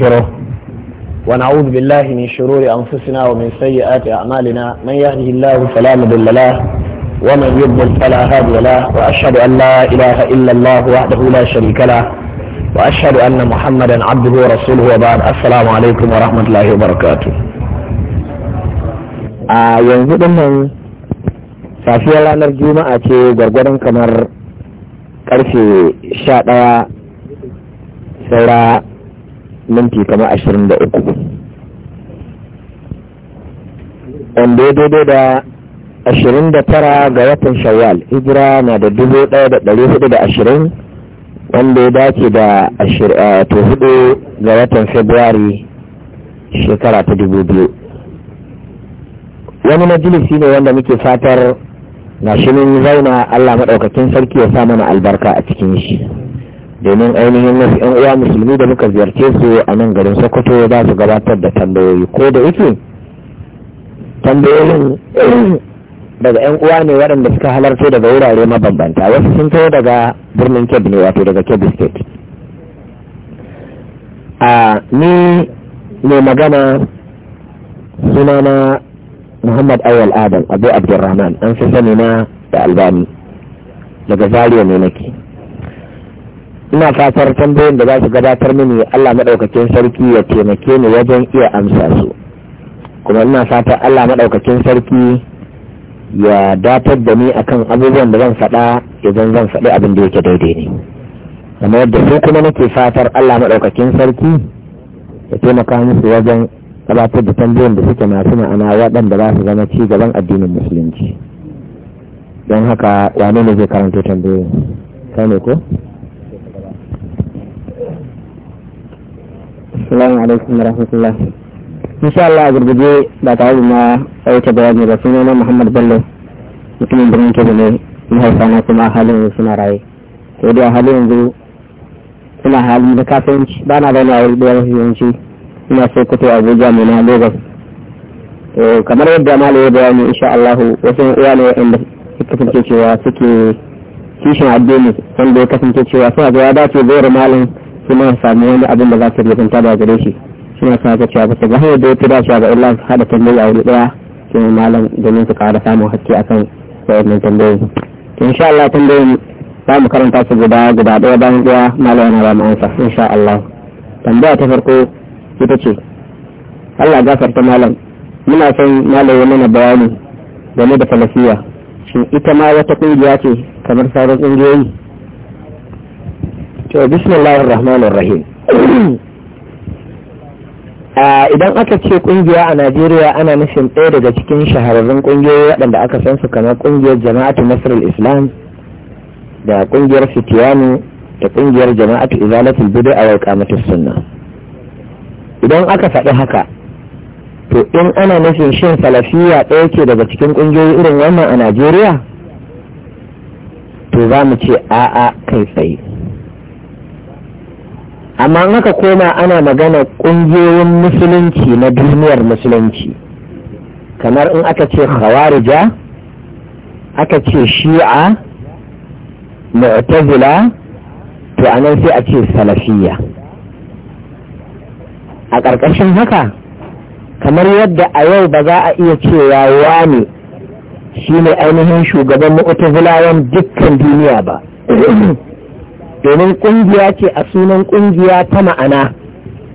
يره ونعوذ بالله من شرور أنفسنا ومن سيئات أعمالنا من يهده الله فلا مضل له ومن يضلل فلا هادي له وأشهد أن لا إله إلا الله وحده لا شريك له وأشهد أن محمدا عبده ورسوله وبعد السلام عليكم ورحمة الله وبركاته a yanzu dinnan safiyar ranar juma'a ce gwargwadon kamar karfe sha ɗaya saura minti kama ashirin da uku wanda ya daidai da ashirin da tara ga watan shawwal hijira na da dubu ɗaya da ɗari hudu da ashirin wanda ya dace da eh, to hudu ga watan februari shekara ta dubu biyu wani majalisi ne wanda muke fatar na shi zauna allah maɗaukakin sarki ya sa mana albarka a cikin shi domin ainihin wasu yan uwa musulmi da muka ziyarce su a nan garin sokoto za su gabatar da tambayoyi ko da yake tambayoyin daga yan uwa ne waɗanda suka halarta daga wurare mabambanta wasu sun taho daga birnin kebbi ne wato daga kebbi state a ni mai magana sunana muhammad awal adam abu abdurrahman an fi sani na da albani daga zariya ne nake ina fatar tambayoyin da za su gabatar mini Allah maɗaukakin sarki ya taimake ni wajen iya amsa su kuma ina fatar Allah maɗaukakin sarki ya datar da ni akan abubuwan da zan faɗa idan zan faɗi abin da yake daidai ne kamar yadda su kuma nake fatar Allah maɗaukakin sarki ya taimaka musu wajen gabatar da tambayoyin da suke masu ma'ana waɗanda za su zama ci gaban addinin musulunci don haka wane ne zai karanta tambayoyin kai ne ko Assalamu alaikum warahmatullah. Insha Allah a gurguje ba tare da na ɗauke bayani ba suna na Muhammad Bello mutumin birnin Kebbi ne mahaifa na kuma halin yanzu suna raye. Sai dai a halin yanzu ina halin da kasuwanci ba na zaune a wuri ɗaya yawanci ina so kuto Abuja mai na Lagos. kamar yadda malu ya bayani insha Allah wasu uwa ne waɗanda suka kasance cewa suke kishin addini wanda ya kasance cewa suna zuwa dace zuwa malam. kuma ya samu wani abin da za ta rubunta da gare shi suna sa ta cewa su ga hanyar da ya fi dacewa ba illa hada tambayi a wuri daya ne malam domin su kara samun haske akan wayannan tambayoyi to insha Allah tambayoyin za mu karanta su guda guda daya bayan daya malam yana ba mu amsa insha Allah tambaya ta farko ita ce Allah gafarta malam muna son malam ya mana bayani game da falasiya shin ita ma wata kungiya ce kamar sauran kungiyoyi to bismillahir rahmanir rahim idan aka ce kungiya a najeriya ana nufin ɗaya daga cikin shahararrun kungiyoyi waɗanda aka san su kamar kungiyar jama'atu nasrul islam da kungiyar fitiyanu da kungiyar jama'atu izalatul a wa iqamatus sunna idan aka faɗi haka to in ana nufin shin salafiya ɗaya ke daga cikin kungiyoyi irin wannan a najeriya to za mu ce a'a kai tsaye amma an haka koma ana magana ƙungiyoyin musulunci na duniyar musulunci kamar in aka ce khawarija aka ce shi'a mu'tazila to anan sai a ce salafiya a ƙarƙashin haka kamar yadda a yau ba za a iya cewa wani shi ne ainihin shugaban mu'tazilawan dukkan duniya ba domin ƙungiya ce a sunan ƙungiya ta ma'ana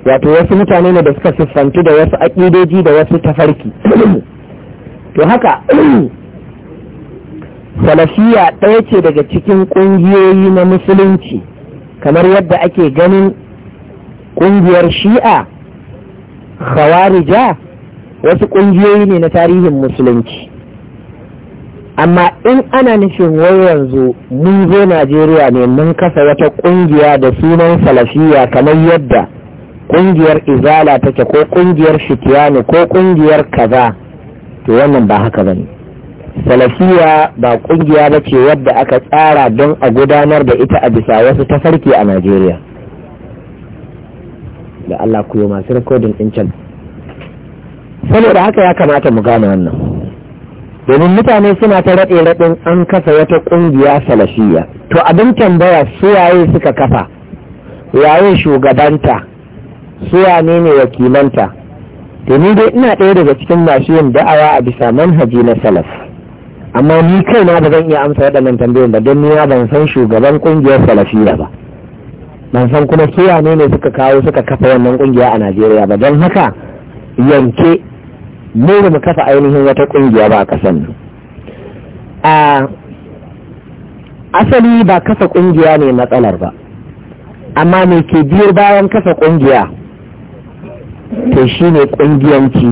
wato wasu mutane ne da suka siffantu da wasu aƙidoji da wasu tafarki to haka salafiya ɗaya ce daga cikin ƙungiyoyi na musulunci kamar yadda ake ganin ƙungiyar shi'a khawarija wasu ƙungiyoyi ne na tarihin musulunci amma in ana nufin wai yanzu mun zo najeriya ne mun kasa wata kungiya da sunan salafiya kamar yadda kungiyar izala take ko kungiyar shikiyani ko kungiyar kaza to wannan ba haka bane salafiya ba kungiya ba ce wadda aka tsara don a gudanar da ita a bisa wasu tafarki a najeriya da allah ku yi masu rikodin incan saboda haka ya kamata mu gane wannan domin mutane suna ta raɗe raɗin an kafa wata ƙungiya salafiya to abin tambaya su waye suka kafa waye shugabanta su wane ne wakilanta to ni dai ina ɗaya daga cikin masu yin da'awa a bisa manhaji na salaf amma ni kai na ba zan iya amsa waɗannan tambayoyin ba don ni ban san shugaban ƙungiyar salafiya ba ban san kuma su wane ne suka kawo suka kafa wannan ƙungiya a najeriya ba don haka yanke mai mu kafa ainihin wata kungiya ba a kasan nan a asali ba kafa kungiya ne matsalar ba amma me ke biyar bayan kafa kungiya to ne kungiyanci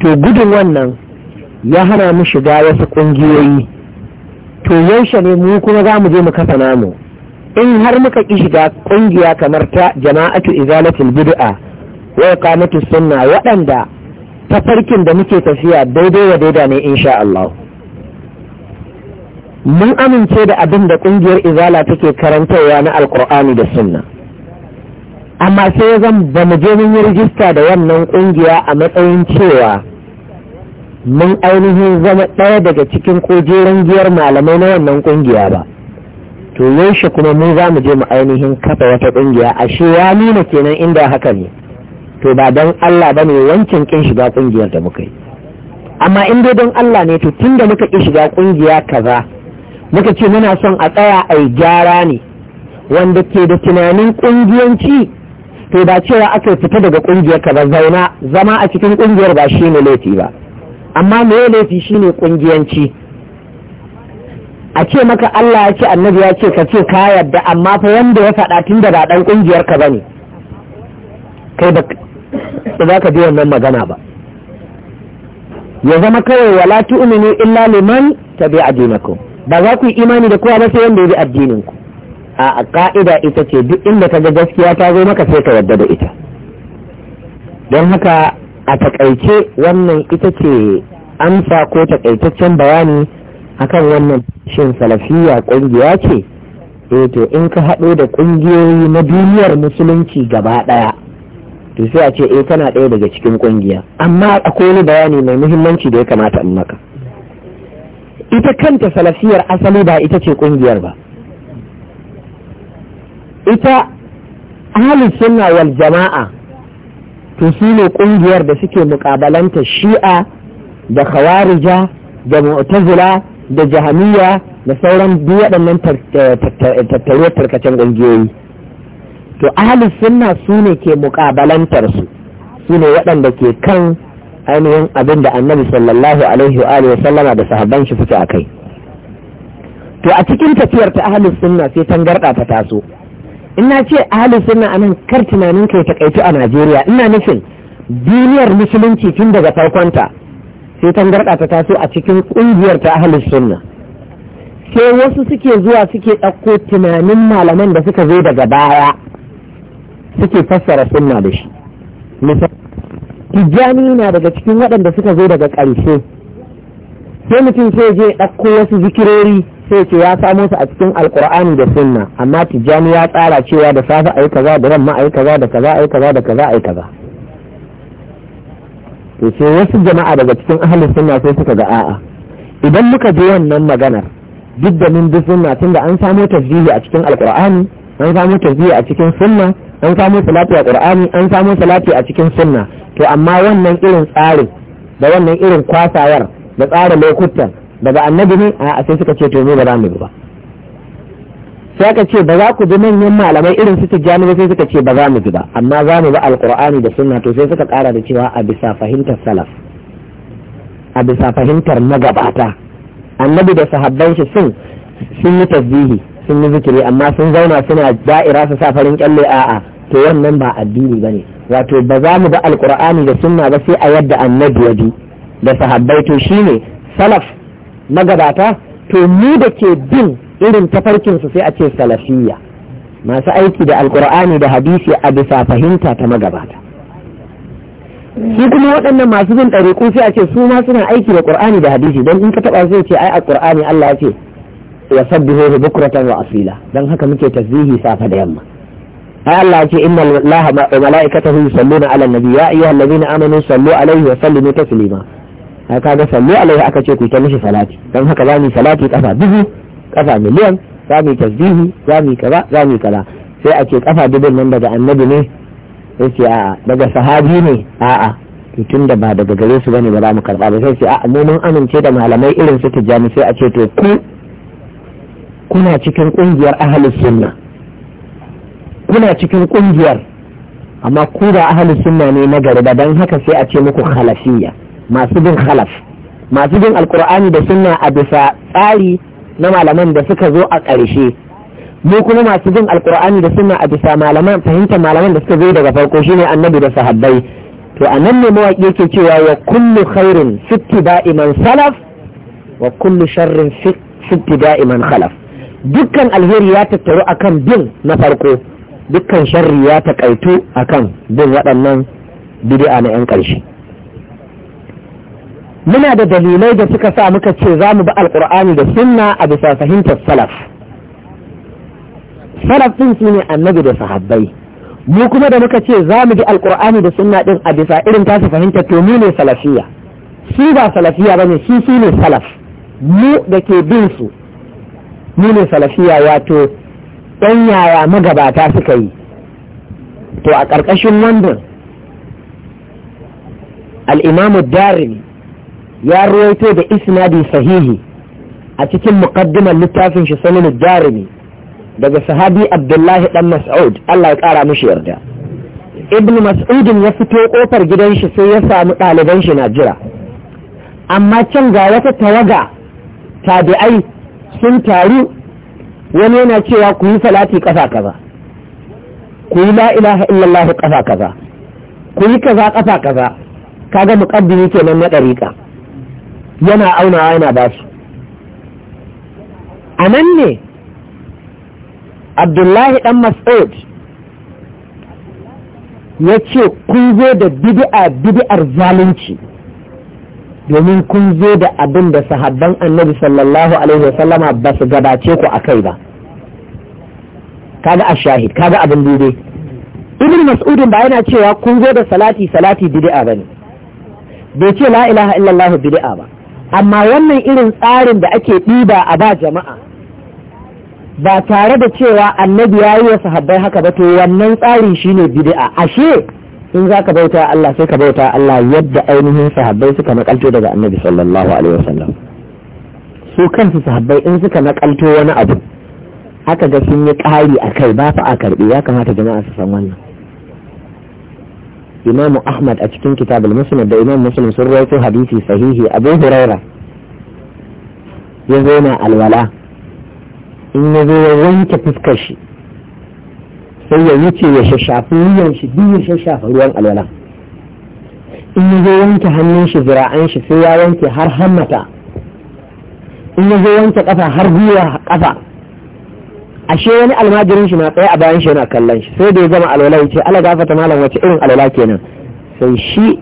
to gudun wannan ya hana mu shiga wasu kungiyoyi to yaushe ne mu kuma za mu je mu kafa namu in har muka ki shiga kungiya kamar ta jama'atu izalatul bid'a wa iqamatu sunna waɗanda tafarkin da muke tafiya daidai wa daida ne insha Allah mun amince da abin da ƙungiyar izala take karantarwa na alkur'ani da sunna amma sai ya zan ba mu je mun yi rijista da wannan ƙungiya a matsayin cewa mun ainihin zama ɗaya daga cikin kujeren giyar malamai na wannan ƙungiya ba to yaushe kuma mu za mu je mu ainihin kafa wata ƙungiya? ashe ya nuna kenan inda haka ne to ba don Allah ba ne wancan kin shiga ƙungiyar da muka yi amma in dai don Allah ne to tun da muka ki shiga kungiya kaza muka ce muna son a tsaya a yi gyara ne wanda ke da tunanin ƙungiyanci to ba cewa aka fita daga kungiyar ka ba zauna zama a cikin ƙungiyar ba shi ne laifi ba amma me laifi shi ne ƙungiyanci a ce maka Allah ya ce annabi ya ce ka ce ka yarda amma fa wanda ya faɗa tun da ba ɗan ƙungiyar ka ba ne ba za ka ji wannan magana ba ya zama kawai wala tu'minu illa liman a dinakum ba za ku yi imani da kowa ba sai wanda ya bi addinin ku a ka'ida ita ce duk inda ka ga gaskiya ta zo maka sai ka yadda da ita don haka a takaice wannan ita ce amsa ko takaitaccen bayani akan wannan shin salafiya ƙungiya ce eh to in ka haɗo da ƙungiyoyi na duniyar musulunci gaba ɗaya to sai a ce eh tana ɗaya daga cikin ƙungiya. amma akwai wani bayani mai muhimmanci da ya kamata in maka ita kanta salafiyar asali ba ita ce ƙungiyar ba ita ahli sunna wal jama'a to su ne kungiyar da suke mukabalanta shi'a da khawarija da mu'tazila da jahamiyya da sauran duk waɗannan tattaruwar tarkacen ƙungiyoyi to ahli sunna su ne ke mukabalantar su su ne waɗanda ke kan ainihin abin da annabi sallallahu alaihi wa sallama da sahabban shi suke akai. kai to a cikin tafiyar ta ahli sunna sai tangarda ta taso ina ce ahli sunna anan kar tunanin kai ta kaitu a najeriya ina nufin duniyar musulunci tun daga farkonta sai tangarda ta taso a cikin kungiyar ta ahli sunna sai wasu suke zuwa suke ɗauko tunanin malaman da suka zo daga baya suke fassara sunna da shi tijjani na daga cikin waɗanda suka zo daga ƙarshe sai mutum sai je ɗakko wasu zikirori sai ce ya samo su a cikin Alƙur'ani da sunna amma tijjani ya tsara cewa da safe ayi kaza da yamma ayi kaza da kaza ayi kaza da kaza ayi kaza to sai wasu jama'a daga cikin ahli sunna sai suka ga a'a idan muka je wannan maganar duk da mun bi sunna tunda an samo tasbihi a cikin alkur'ani an samo tasbihi a cikin sunna an samu salati a qur'ani an samu salati a cikin sunna to amma wannan irin tsarin da wannan irin kwasawar da tsara lokutan daga annabi ne a sai suka ce to mu ba mu ba sai aka ce ba za ku bi manyan malamai irin su tijjani ba sai suka ce ba za mu bi ba amma za mu bi alqur'ani da sunna to sai suka kara da cewa a bisa fahimtar salaf a bisa fahimtar magabata annabi da sahabban shi sun sun yi tasbihi sun yi zikiri amma sun zauna suna da'ira su sa farin kyalle a'a to wannan ba addini ba ne wato ba za mu ga alkur'ani da sunna ba sai a yadda annabi ya bi da sahabbai to shine salaf magabata to mu da ke bin irin tafarkin su sai a ce salafiyya masu aiki da alkur'ani da hadisi a bisa fahimta ta magabata shi kuma waɗannan masu bin ɗariƙu sai a ce su ma suna aiki da ƙur'ani da hadisi don in ka taɓa zai ce ai a Allah ya ce wa sabbihu bukratan wa asila dan haka muke tasbihi safa da yamma ai Allah ce inna Allah wa malaikatahu yusalluna ala nabi ya ayyuhal ladina amanu sallu alaihi wa sallimu taslima ai kaga sallu alaihi aka ce ku ta mishi salati dan haka zamu salati kafa dubu kafa miliyan zamu tasbihi zamu kaza zamu kaza sai a ce kafa dubun nan daga annabi ne yace a'a daga sahabi ne a'a to tun da ba daga gare su bane ba za mu karba ba sai ce a'a mu mun amince da malamai irin su tijjani sai a ce to ku kuna cikin ƙungiyar ahalus sunna kuna cikin ƙungiyar amma ku ahalus sunna ne na gari ba don haka sai a ce muku khalafiyya masu bin khalaf masu bin alkur'ani da sunna a bisa tsari na malaman da suka zo a ƙarshe mu kuma masu bin alkur'ani da sunna a bisa malaman fahimtar malaman da suka zo daga farko shine annabi da sahabbai to a nan ne mawaƙi yake cewa wa kullu khairin fi ittiba'i salaf wa kullu sharrin fi iman man khalaf dukkan alheri ya tattaru kan bin na farko dukkan sharri ya takaitu kan bin waɗannan bidi'a na 'yan ƙarshe muna da dalilai da suka sa muka ce za mu bi alƙur'ani da sunna a bisa fahimtar salaf salaf ɗin su ne annabi da sahabbai mu kuma da muka ce za mu bi alƙur'ani da sunna ɗin a bisa irin tasu fahimtar to mu ne salafiya su ba salafiya ba ne su su ne salaf mu da ke bin su nunin salafiya wato ɗan yaya magabata suka yi to a ƙarƙashin wannan al'imamu darin ya ruwaito da isnadi sahihi a cikin muƙaddimar littafin shi sanin daga sahabi abdullahi ɗan mas'ud Allah ya ƙara mishi yarda ibn mas'udin ya fito ƙofar gidan shi sai ya samu ɗaliban shi na jira amma can ga wata tawaga tabi'ai sun taru wani yana cewa ku yi salati kafa kaza ku yi la ilaha illallah kafa kaza ku yi kaza kafa kaza kaga muqaddimi nan na dariƙa yana aunawa yana basu a nan ne abdullahi Ɗan mas'ud ya ce kun zo da bid'a bid'ar zalunci domin kun zo da abin da sahabban annabi sallallahu alaihi wasallama ba su gabace ku akai ba kaga ashahid kaga abin dide ibn mas'udin ba yana cewa kun zo da salati salati bid'a bane bai ce la ilaha illallah bid'a ba amma wannan irin tsarin da ake ɗiba a ba jama'a ba tare da cewa annabi ya yi wa sahabbai haka ba to wannan tsari shine bid'a ashe in za ka bauta Allah sai ka bauta Allah yadda ainihin sahabbai suka nakalto daga annabi sallallahu alaihi wasallam su kansu sahabbai in suka nakalto wani abu aka ga sun yi ƙari a kai ba fa a karɓi ya kamata jama'a su san wannan imamu ahmad a cikin kitab al-muslim da imam muslim sun rawaito hadisi sahihi abu huraira ya zo na alwala in ya zo ya wanke fuskar shi sai ya wuce ya shashafi wuyan shi duk ya ruwan alwala in ya zo wanke hannun shi zira'an shi sai ya wanke har hammata in ya zo wanke kafa har gwiwa kafa ashe wani almajirin shi na tsaye a bayan shi yana kallon shi sai da ya zama alwala ya ce ala gafata malam wace irin alwala kenan sai shi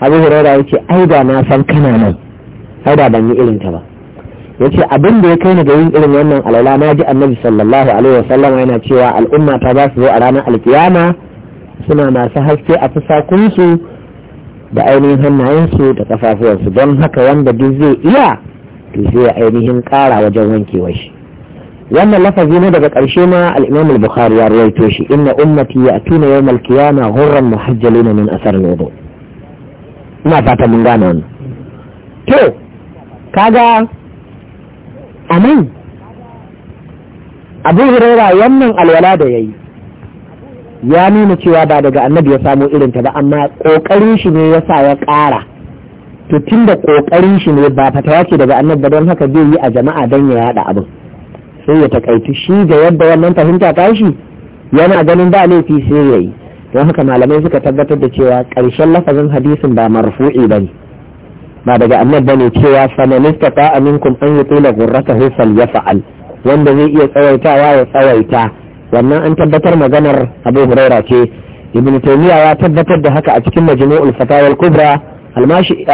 abu hurairah ya ce ai da na san kana nan ai da ban yi irin ta ba ya ce abin da ya kai ni ga yin irin wannan alwala na ji annabi sallallahu alaihi wasallam yana cewa al'umma ta za su zo a ranar alkiyama suna masu haske a fusakunsu da ainihin hannayensu da kafafuwansu don haka wanda duk zai iya to sai ya ainihin kara wajen wankewa shi wannan lafazi ne daga ƙarshe na al-Imam al-Bukhari ya rawaito shi inna ummati ya'tuna yawm al-qiyama hurran muhajjalina min asar al-wudu ina fata mun gane wannan to kaga a abu hurera wannan alwala da ya yi ya nuna cewa ba daga annabi ya samo ta ba amma ƙoƙarin shi ne ya sa ya ƙara to tun da ƙoƙarin shi ne ba fatawa ce daga annabi ba don haka zai yi a jama'a don ya yada abu. sai ya takaici shi ga yadda wannan fahimta ta shi yana ganin ba laifi sai ya yi don haka malamai suka tabbatar da cewa ƙarshen lafazin hadisin ba marfu'i ba ne ba daga annab bane cewa faman istata minkum an yutila ghurratahu falyaf'al wanda zai iya tsawaitawa ya tsawaita wannan an tabbatar maganar Abu Huraira ce Ibn Taymiyyah ya tabbatar da haka a cikin Majmu'ul Fatawa al-Kubra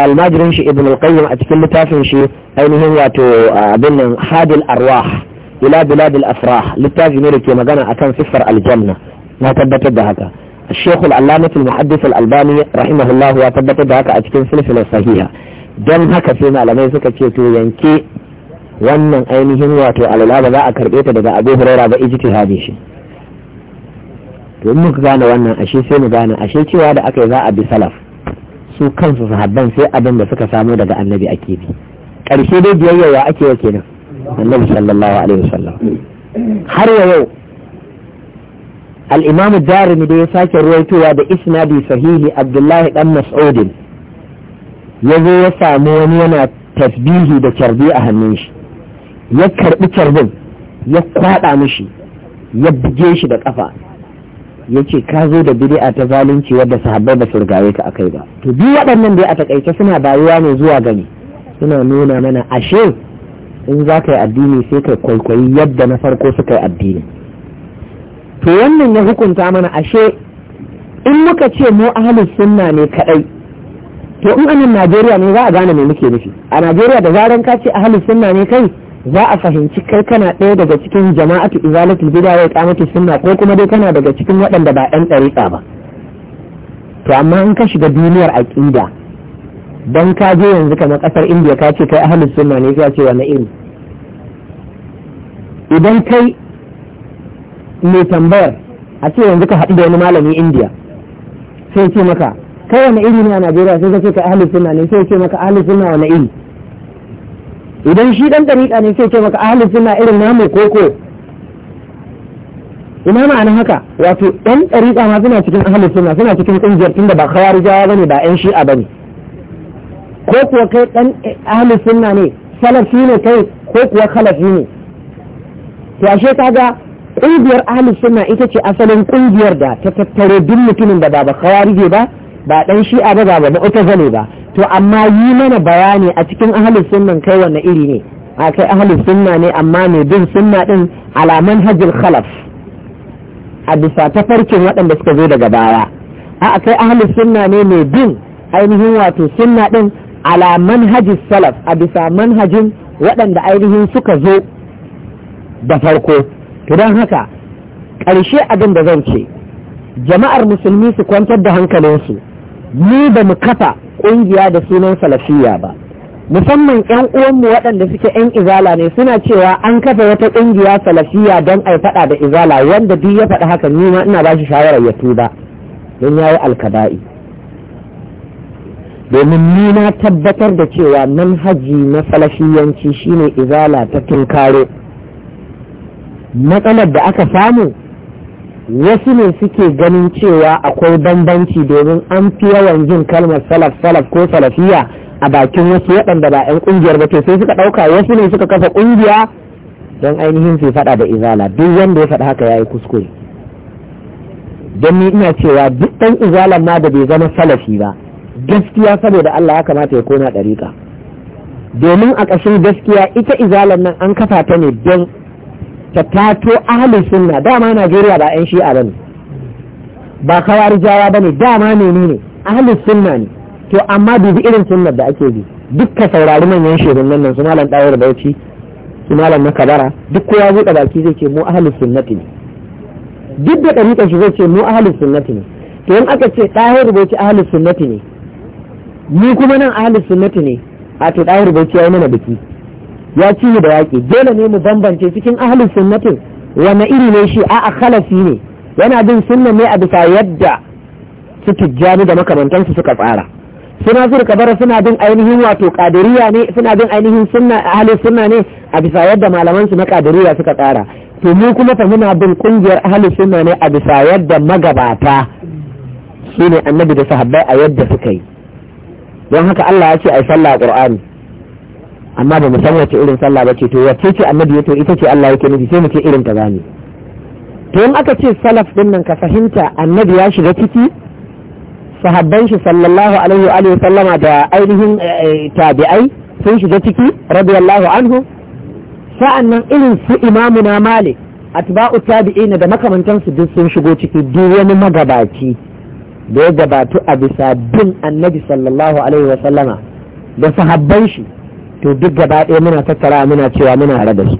almajirin shi Ibn al-Qayyim a cikin littafin shi ainihin wato abin nan Hadil Arwah ila bilad al-afrah littafi ne da ke magana akan siffar aljanna na tabbatar da haka الشيخ العلامة المحدث الألباني رحمه الله وثبت ذلك أتكن سلسلة صحيحة don haka sai malamai suka ce to yanke wannan ainihin wato alala ba za a karɓe ta daga abu huraira ba ijtihadin shi to in muka gane wannan ashe sai mu gane ashe cewa da aka yi za a bi salaf su kansu sahabban sai abin da suka samu daga annabi ake bi ƙarshe dai biyayya ya ake wa kenan annabi sallallahu alaihi wasallam har yau al-imamu darimi da ya sake ruwaitowa da isnadi sahihi abdullahi dan mas'udin ya zo ya samu wani yana tasbihi da kyarbi a hannun shi ya karbi kyarbin ya kwaɗa mishi ya buge shi da kafa ya ce ka zo da bid'a ta zalunci wadda sahabbai ba su rigaye ka kai ba to biyu waɗannan da a takaice suna bayuwa ne zuwa gani suna nuna mana ashe in za ka yi addini sai ka kwaikwayi yadda na farko suka yi addini to wannan ya hukunta mana ashe in muka ce mu ahlus sunna ne kadai to in anan Najeriya ne za a gane me muke nufi a Najeriya da zaran ka ce ahli sunna ne kai za a fahimci kai kana ɗaya daga cikin jama'atu izalatul bid'a wa iqamatus sunna ko kuma dai kana daga cikin waɗanda ba ɗan ɗariƙa ba to amma in ka shiga duniyar aƙida dan ka je yanzu kamar ƙasar Indiya ka ce kai halin sunna ne ka ce wani iri idan kai mai tambayar a ce yanzu ka haɗu da wani malami Indiya sai ce maka kowane iri ne a Najeriya sai kace ka ahli sunna ne sai ce maka ahli sunna wani iri idan shi dan dariƙa ne sai ce maka ahli sunna irin namu koko ina ma'ana haka wato ɗan ɗariƙa ma suna cikin ahalin suna suna cikin ƙungiyar tunda ba khawarijawa bane ba ƴan shi'a bane ko kuwa kai ɗan ahalin sunna ne salafi ne kai ko kuwa khalafi ne to ashe kaga ƙungiyar ahalin sunna ita ce asalin ƙungiyar da ta tattare duk mutumin da ba ba khawarije ba ba dan shi'a ba ba ba zane ba to amma yi mana bayani a cikin ahlus sunnan kai wanne iri ne a kai ahlus sunna ne amma ne bin sunna din alaman hajjil khalaf a bisa ta farkin waɗanda suka zo daga baya a kai ahlus sunna ne mai bin ainihin wato sunna din alaman manhajis salaf a bisa manhajin waɗanda ainihin suka zo da farko to don haka ƙarshe abin da zan ce jama'ar musulmi su kwantar da hankalinsu ni ba mu kafa ƙungiya da sunan salafiya ba musamman yan uwanmu waɗanda suke yan izala ne suna cewa an kafa wata ƙungiya salafiya don ai faɗa da izala wanda duk ya faɗi haka ni ma ina ba shi shawarar ya tuba don ya yi alkaba'i domin ni na tabbatar da cewa manhaji na salafiyanci shine izala ta tunkaro matsalar da aka samu wasu ne suke ganin cewa akwai bambanci domin an fi yawan jin kalmar salaf salaf ko salafiya a bakin wasu waɗanda ba 'yan ƙungiyar ba to sai suka ɗauka wasu ne suka kafa ƙungiya don ainihin su faɗa da izala duk wanda ya faɗa haka ya yi kuskure don ni ina cewa duk ɗan izala ma da bai zama salafi ba gaskiya saboda Allah ya kamata ya kona ɗariƙa domin a ƙashin gaskiya ita izalan nan an kafa ta ne don ta tato ahli sunna dama Najeriya ba 'yan shi'a bane ba jawa bane dama ne ne ahli sunna ne to amma dubi irin sunna da ake bi dukka saurari manyan shirin nan nan su malam dawar bauchi su malam na kabara duk kowa buɗe baki zai ce mu ahli sunnati ne duk da ɗariƙar shi zai ce mu ahli sunnati ne to in aka ce dawar bauchi ahli sunnati ne ni kuma nan ahli sunnati ne a to dawar bauchi ya yi mana biki ya ci da yaƙi dole ne mu bambance cikin ahalin sunnatin wani iri ne shi a'a khalasi ne yana bin sunna ne a bisa yadda su tijjani da makamantansu suka tsara suna su kabara suna bin ainihin wato kadiriya ne suna bin ainihin sunna ahalin sunna ne a bisa yadda malaman su na kadiriya suka tsara to mu kuma fa muna bin kungiyar ahalin sunna ne a bisa yadda magabata shine annabi da sahabbai a yadda suka yi don haka Allah ya ce ai sallah qur'ani amma ba mu san wace irin sallah ba ce to wace ce annabi ya to ita ce Allah yake nufi sai mu ce irin ta bani. to in aka ce salaf din nan ka fahimta annabi ya shiga ciki sahabban shi sallallahu alaihi wa alihi sallama da ainihin eh, eh, tabi'ai sun shiga ciki radiyallahu anhu nan irin su imamuna malik atba'u tabi'ina da makamantan su duk sun shigo ciki duk wani magabaci da ya gabatu a bisa bin annabi sallallahu alaihi wa sallama da sahabban shi to duk gaba ɗaya muna tattara muna cewa muna da su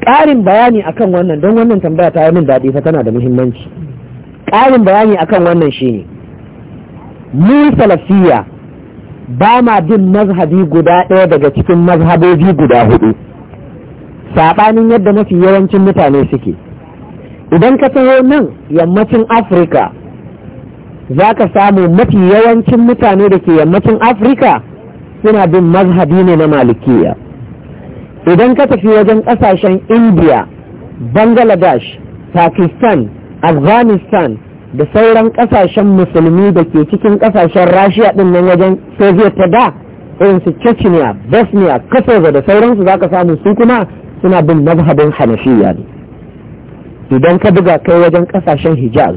ƙarin bayani akan wannan don wannan tambaya ta yi min daɗi fa tana da muhimmanci ƙarin bayani akan wannan shine mu salafiya ba ma bin mazhabi guda ɗaya daga cikin mazhabobi guda hudu saɓanin yadda mafi yawancin mutane suke idan ka taho nan yammacin afirka za ka samu mafi yawancin mutane da ke yammacin afirka suna bin mazhabi ne na malikiya idan ka tafi wajen kasashen india bangladesh pakistan afghanistan da sauran kasashen musulmi da ke cikin kasashen rashiya din nan wajen soviet ta da irin su chechnya bosnia kosovo da sauransu za ka samu su kuma suna bin mazhabin hanafiya ne idan ka buga kai wajen kasashen hijaz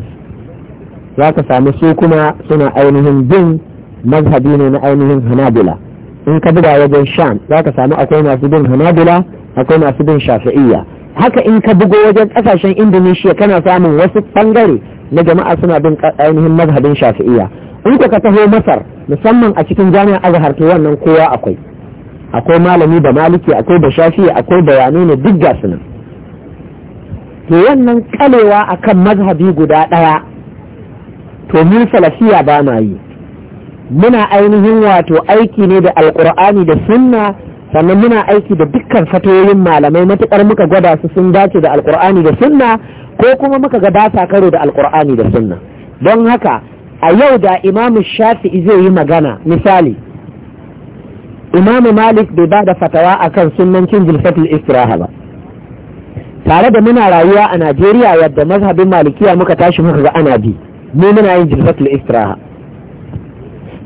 za ka samu su kuma suna ainihin bin mazhabi ne na ainihin hanabila in ka buga wajen sham za ka samu akwai masu bin hanabila akwai masu bin shafi'iyya haka in ka bugo wajen kasashen indonesia kana samun wasu bangare na jama'a suna bin ainihin mazhabin shafi'iyya in ka taho masar musamman a cikin jami'ar azhar to wannan kowa akwai akwai malami da maliki akwai da shafi akwai bayanai ne duk gasu nan to wannan kalewa akan mazhabi guda ɗaya to mun salafiya ba ma yi muna ainihin wato aiki ne da alkur'ani da sunna sannan muna aiki da dukkan fatoyin malamai matukar muka gwada su sun dace da alkur'ani da sunna ko kuma muka ga dasa karo da alkur'ani da sunna don haka a yau da imamu shafi'i zai yi magana misali imamu malik bai ba da fatawa a akan sunnancin jilfatul istiraha ba tare da muna rayuwa a najeriya yadda mazhabin malikiya muka tashi muka ga ana bi mu muna yin jilfatul istiraha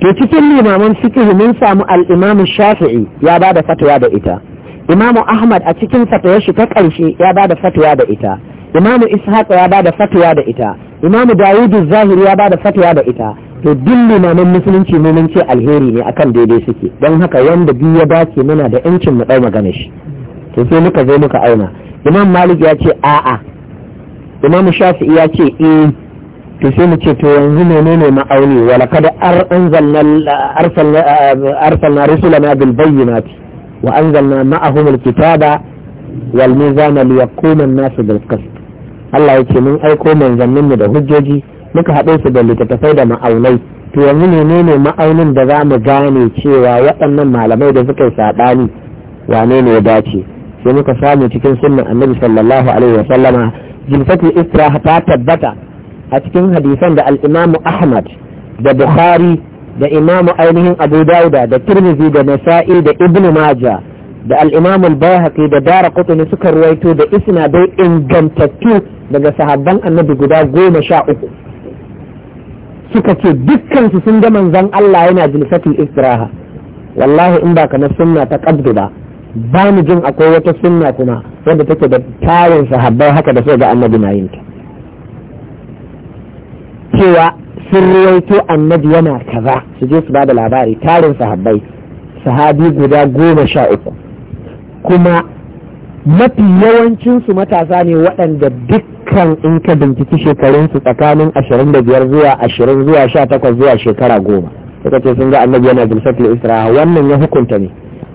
to cikin limaman fiqh mun samu al Shafi'i ya ba da fatawa da ita Imam Ahmad a cikin fatawar shi ta ƙarshe ya ba da fatawa da ita Imam Ishaq ya ba da fatawa da ita Imam Dawud Zahiri ya ba da fatawa da ita to duk limaman musulunci mu mun ce alheri ne akan daidai suke don haka wanda biyu ya dace muna da yancin mu dau magana shi to sai muka zo muka auna Imam Malik ya ce a'a Imam Shafi'i ya ce eh to sai mu ce to yanzu menene ma'auni wala kada arsalna rusulana bil bayyinati wa anzalna ma'ahum alkitaba wal mizana liyaquma an-nasu bil qist Allah yake mun aiko manzannin mu da hujjoji muka haɗo su da littattafai da ma'aunai to yanzu menene ma'aunin da za mu gane cewa waɗannan malamai da suka yi saɓani wane ne ya dace sai muka samu cikin sunnan annabi sallallahu alaihi wa sallama jilfatul isra ta tabbata a cikin hadisan da al'imamu ahmad da bukhari da imamu ainihin abu dauda da tirmizi da nasa'i da ibnu maja da al'imamu al-bayhaqi da dara kutuni suka ruwaito da isnadai ingantattu daga sahabban annabi guda goma sha uku suka ce dukkansu sun ga manzon Allah yana jilisatul istiraha wallahi in ba na sunna ta qabdu ba ba mu jin akwai wata sunna kuma wadda take da tarin sahabbai haka da sai ga annabi na cewa sun rawaito annabi yana kaza su je su ba da labari tarin sahabbai sahabi guda goma sha uku kuma mafi yawancinsu matasa ne waɗanda dukkan in ka binciki shekarunsu tsakanin ashirin da biyar zuwa ashirin zuwa sha takwas zuwa shekara goma suka ce sun ga annabi yana jilsatul isra'a wannan ya hukunta ne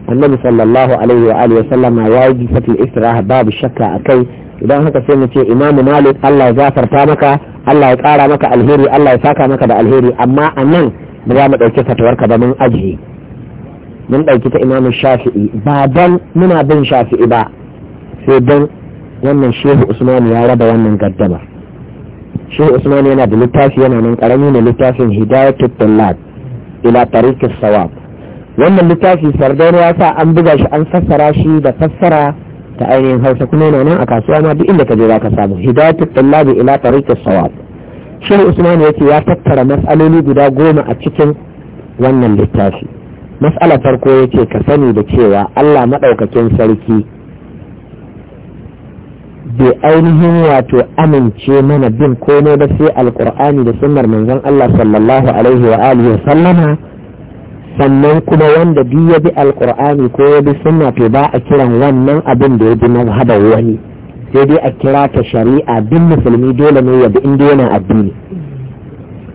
annabi sallallahu alaihi wa alihi wa ya yi jilsatul isra'a babu shakka a kai idan haka sai mu ce imamu malik allah ya gafarta maka Allah ya ƙara maka alheri Allah ya saka maka da alheri amma a nan ba za mu ɗauki fatawarka ba mun ajiye mun ɗauki ta imam shafi'i ba don muna bin shafi'i ba sai don wannan shehu usman ya raba wannan gaddaba shehu usman yana da littafi yana nan karami ne littafin hidayatu tullab ila tariqis sawab wannan littafi sardauna ya sa an buga shi an fassara shi da fassara ta ainihin hausa kuma yana nan a kasuwa ma duk inda ka je za ka samu hidayatu tallabi ila tariqis sawab shehu usman yace ya tattara mas'aloli guda goma a cikin wannan littafi mas'ala farko yace ka sani da cewa Allah madaukakin sarki bai ainihin wato amince mana bin komai ba sai alkur'ani da sunnar manzon Allah sallallahu alaihi wa alihi wa sallama sannan kuma wanda duk ya bi alkur'ani ko ya bi sunna to ba a kiran wannan abin da ya bi mazhabar wani sai dai a kira ta shari'a duk musulmi dole ne ya bi inda yana addini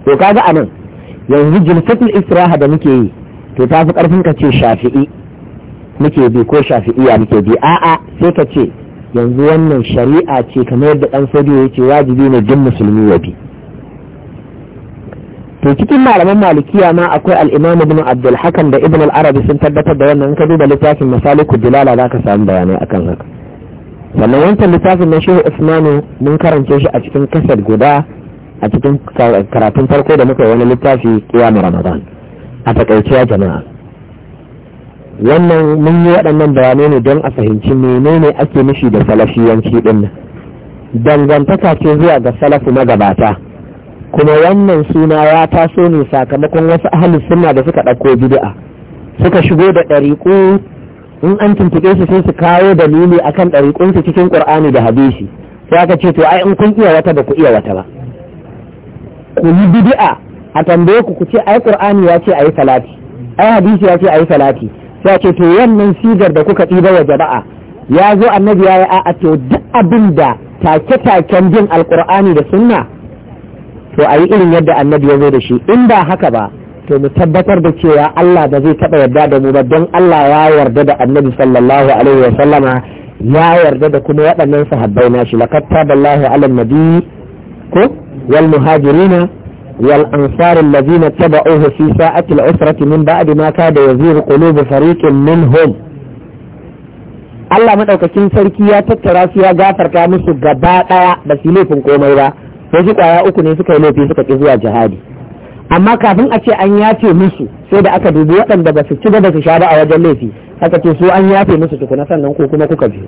to kaga anan yanzu jilsatul israha da muke yi to ta fi karfin ka ce shafi'i muke bi ko shafi'iya muke bi a'a sai ka ce yanzu wannan shari'a ce kamar yadda dan sadiyo yake wajibi ne duk musulmi ya bi to cikin malaman malikiya ma akwai al-imam ibn abdul hakan da ibn al-arabi sun tabbatar da wannan in duba littafin masaliku dilala zaka samu bayanai akan haka sannan wancan littafin na shehu usmanu mun karance shi a cikin kasar guda a cikin karatun farko da muka yi wani littafi kiyamu ramadan a takaiciya jama'a wannan mun yi waɗannan bayanai ne don a fahimci menene ake mishi da salafiyanci ɗin dangantaka ce zuwa ga salafu magabata kuma wannan suna ya taso ne sakamakon wasu ahalin sunna da suka ɗauko bid'a suka shigo da ɗariƙu in an tuntuɓe su sai su kawo dalili akan ɗariƙunsu cikin ƙur'ani da hadisi sai aka ce to ai in kun iya wata ba ku iya wata ba ku yi bid'a a tambaye ku ku ce ai ƙur'ani ya ce ayi salati ai hadisi ya ce ayi salati sai a ce to wannan sigar da kuka ɗiba wa jama'a ya zo annabi ya yi a'a to duk abin da take-taken bin alƙur'ani da sunna to a yi irin yadda annabi ya zo da shi in ba haka ba to mu tabbatar da cewa Allah ba zai taɓa yarda da mu ba don Allah ya yarda da annabi sallallahu alaihi wa sallama ya yarda da kuma waɗannan sahabbai nashi laqad taballahu ala nabi ko wal muhajirina wal ansar alladhina tabauhu fi sa'ati al usrati min ba'di ma kada yazighu qulubu fariqin minhum Allah madaukakin sarki ya tattara su ya gafarta musu gaba daya ba su laifin komai ba wasu kwaya uku ne suka yi laifi suka ƙi zuwa jihadi amma kafin a ce an yafe musu sai da aka dubi waɗanda ba su ci ba su sha ba a wajen laifi aka ce su an yafe musu tukuna sannan ko kuma kuka biyu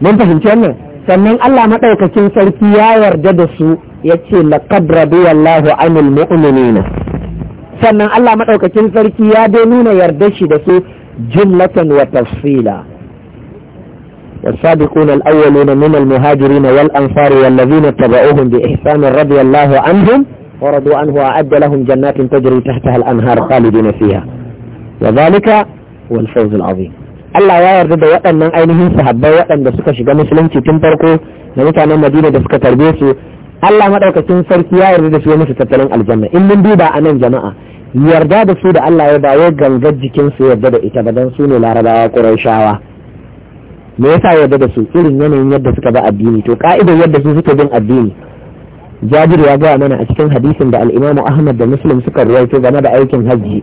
mun fahimci wannan sannan Allah maɗaukacin sarki ya yarda da su ya ce laqad radiyallahu anil mu'minina sannan Allah maɗaukacin sarki ya dai nuna yarda shi da su jumlatan wa tafsila والسابقون الأولون من المهاجرين والأنصار والذين اتبعوهم بإحسان رضي الله عنهم ورضوا عنه وأعد لهم جنات تجري تحتها الأنهار خالدين فيها وذلك هو الفوز العظيم Allah ya yarda da waɗannan ainihin sahabbai waɗanda suka shiga musulunci tun farko da mutanen Madina da suka tarbe su Allah madaukakin sarki ya yarda da su musu tattalin aljanna in mun duba a nan jama'a yarda da su da Allah ya ba wai gangar jikin yarda da ita ba dan su ne larabawa qurayshawa me yasa yarda da su irin yanayin yadda suka ba addini to ka'idar yadda su suka bin addini jabir ya gaya mana a cikin hadisin da al'imamu ahmad da muslim suka ruwaito game da aikin hajji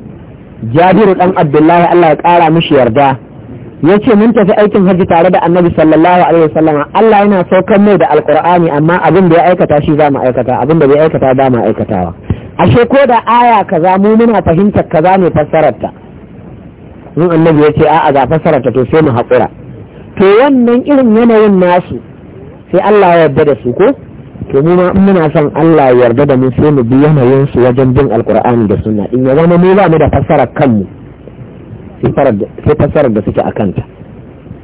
jabiru dan abdullahi allah ya kara mishi yarda ya ce mun tafi aikin hajji tare da annabi sallallahu alaihi wasallam allah yana saukar mai da alkur'ani amma abin da ya aikata shi za mu aikata abin da bai aikata ba mu aikatawa ashe ko da aya kaza mu muna fahimtar kaza ne fassararta in annabi ya ce a'a ga fassararta to sai mu haƙura to wannan irin yanayin nasu sai Allah ya yarda da su ko to mu muna son Allah ya yarda da mu sai mu bi yanayin su wajen bin alkur'ani da sunna in ya zama mu ba mu da fassarar kanmu sai fassarar da suke a kanta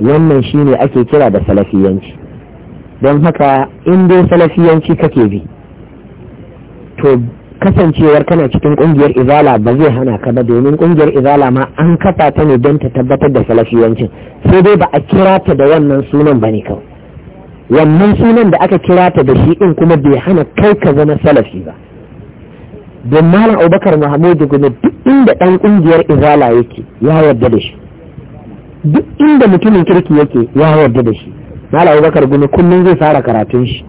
wannan shine ake kira da salafiyanci don haka in dai salafiyanci kake bi to kasancewar kana cikin kungiyar izala ba zai hana ka ba domin kungiyar izala ma an kafa ta ne don ta tabbatar da salafiyancin sai dai ba a kira ta da wannan sunan ba ne kawai wannan sunan da aka kira ta da shi din kuma bai hana kai ka zama salafi ba don malam abubakar mahamudu gudu duk inda ɗan kungiyar izala yake ya yarda da shi duk inda mutumin kirki yake ya yarda da shi malam abubakar gudu kullum zai fara karatun shi